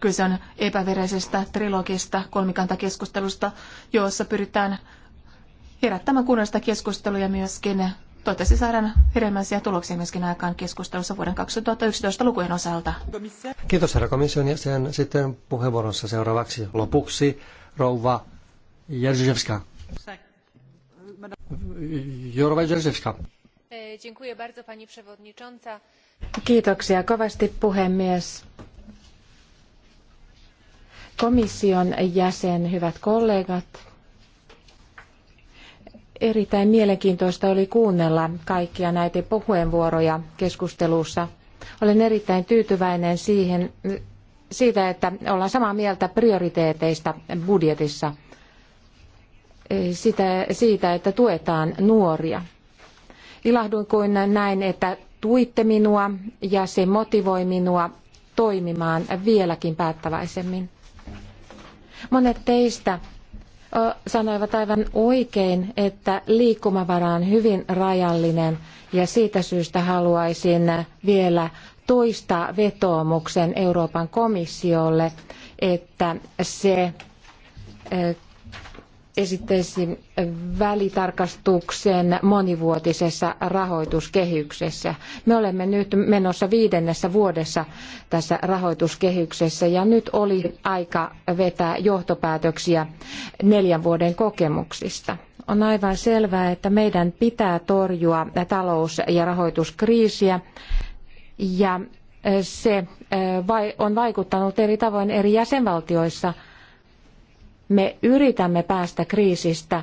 Kyse on epävereisestä trilogista kolmikantakeskustelusta, jossa pyritään herättämään kunnallista keskustelua ja myöskin toivottavasti saadaan hedelmällisiä tuloksia myöskin aikaan keskustelussa vuoden 2011 lukujen osalta. Kiitos herra komission jäsen. Sitten puheenvuorossa seuraavaksi lopuksi rouva Jerzewska. Jorva Jerzewska. Dziękuję bardzo pani przewodnicząca. Kiitoksia kovasti puhemies. Komission jäsen, hyvät kollegat. Erittäin mielenkiintoista oli kuunnella kaikkia näitä puheenvuoroja keskustelussa. Olen erittäin tyytyväinen siihen, siitä, että ollaan samaa mieltä prioriteeteista budjetissa. Sitä, siitä, että tuetaan nuoria. Ilahduin, kun näin, että tuitte minua ja se motivoi minua toimimaan vieläkin päättäväisemmin. Monet teistä sanoivat aivan oikein, että liikkumavara on hyvin rajallinen ja siitä syystä haluaisin vielä toistaa vetoomuksen Euroopan komissiolle, että se esittäisi välitarkastuksen monivuotisessa rahoituskehyksessä. Me olemme nyt menossa viidennessä vuodessa tässä rahoituskehyksessä ja nyt oli aika vetää johtopäätöksiä neljän vuoden kokemuksista. On aivan selvää, että meidän pitää torjua talous- ja rahoituskriisiä ja se eh, on vaikuttanut eri tavoin eri jäsenvaltioissa – me yritämme päästä kriisistä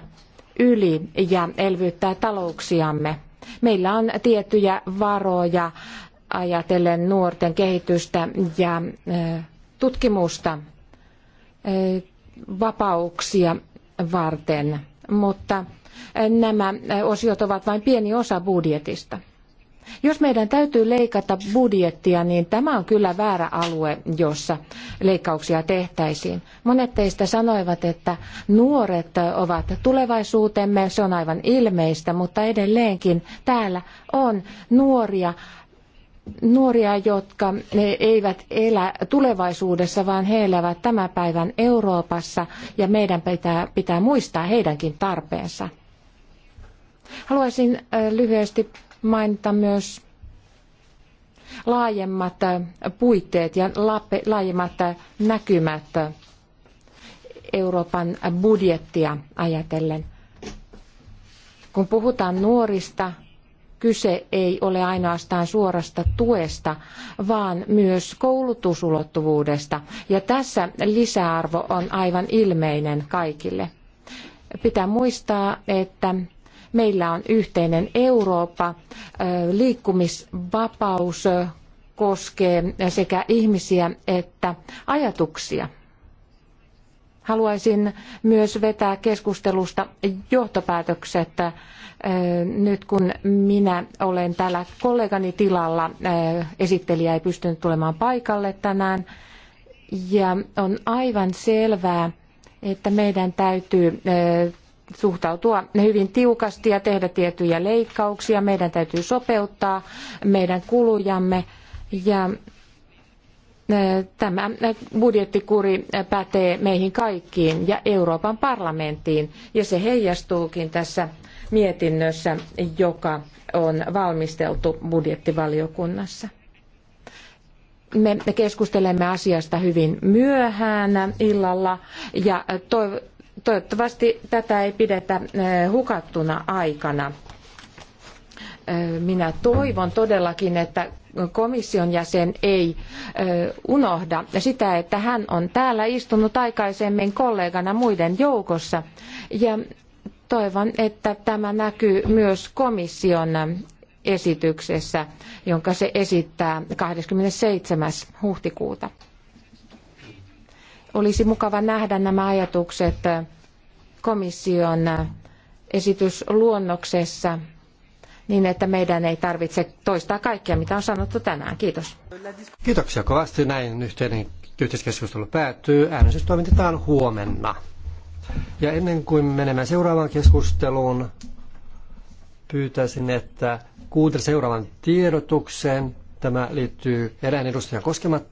yli ja elvyttää talouksiamme. Meillä on tiettyjä varoja ajatellen nuorten kehitystä ja tutkimusta vapauksia varten, mutta nämä osiot ovat vain pieni osa budjetista. Jos meidän täytyy leikata budjettia, niin tämä on kyllä väärä alue, jossa leikkauksia tehtäisiin. Monet teistä sanoivat, että nuoret ovat tulevaisuutemme, se on aivan ilmeistä, mutta edelleenkin täällä on nuoria, nuoria, jotka eivät elä tulevaisuudessa, vaan he elävät tämän päivän Euroopassa ja meidän pitää, pitää muistaa heidänkin tarpeensa. Haluaisin lyhyesti mainita myös laajemmat äh, puitteet ja laajemmat äh, näkymät Euroopan budjettia ajatellen. Kun puhutaan nuorista, kyse ei ole ainoastaan suorasta tuesta, vaan myös koulutusulottuvuudesta. Ja tässä lisäarvo on aivan ilmeinen kaikille. Pitää muistaa, että Meillä on yhteinen Eurooppa, liikkumisvapaus koskee sekä ihmisiä että ajatuksia. Haluaisin myös vetää keskustelusta johtopäätökset nyt kun minä olen täällä kollegani tilalla. Esittelijä ei pystynyt tulemaan paikalle tänään. Ja on aivan selvää, että meidän täytyy suhtautua hyvin tiukasti ja tehdä tiettyjä leikkauksia. Meidän täytyy sopeuttaa meidän kulujamme ja e, Tämä budjettikuri pätee meihin kaikkiin ja Euroopan parlamenttiin ja se heijastuukin tässä mietinnössä, joka on valmisteltu budjettivaliokunnassa. Me keskustelemme asiasta hyvin myöhään illalla ja Toivottavasti tätä ei pidetä eh, hukattuna aikana. Eh, minä toivon todellakin, että komission jäsen ei eh, unohda sitä, että hän on täällä istunut aikaisemmin kollegana muiden joukossa. Ja toivon, että tämä näkyy myös komission esityksessä, jonka se esittää 27. huhtikuuta. Olisi mukava nähdä nämä ajatukset komission esitysluonnoksessa niin, että meidän ei tarvitse toistaa kaikkea, mitä on sanottu tänään. Kiitos. Kiitoksia kovasti. Näin yhteinen yhteiskeskustelu päättyy. Äänestys toimitetaan huomenna. Ja ennen kuin menemme seuraavaan keskusteluun, pyytäisin, että kuuntele seuraavan tiedotuksen. Tämä liittyy eläinedustajan koskemattomuuteen.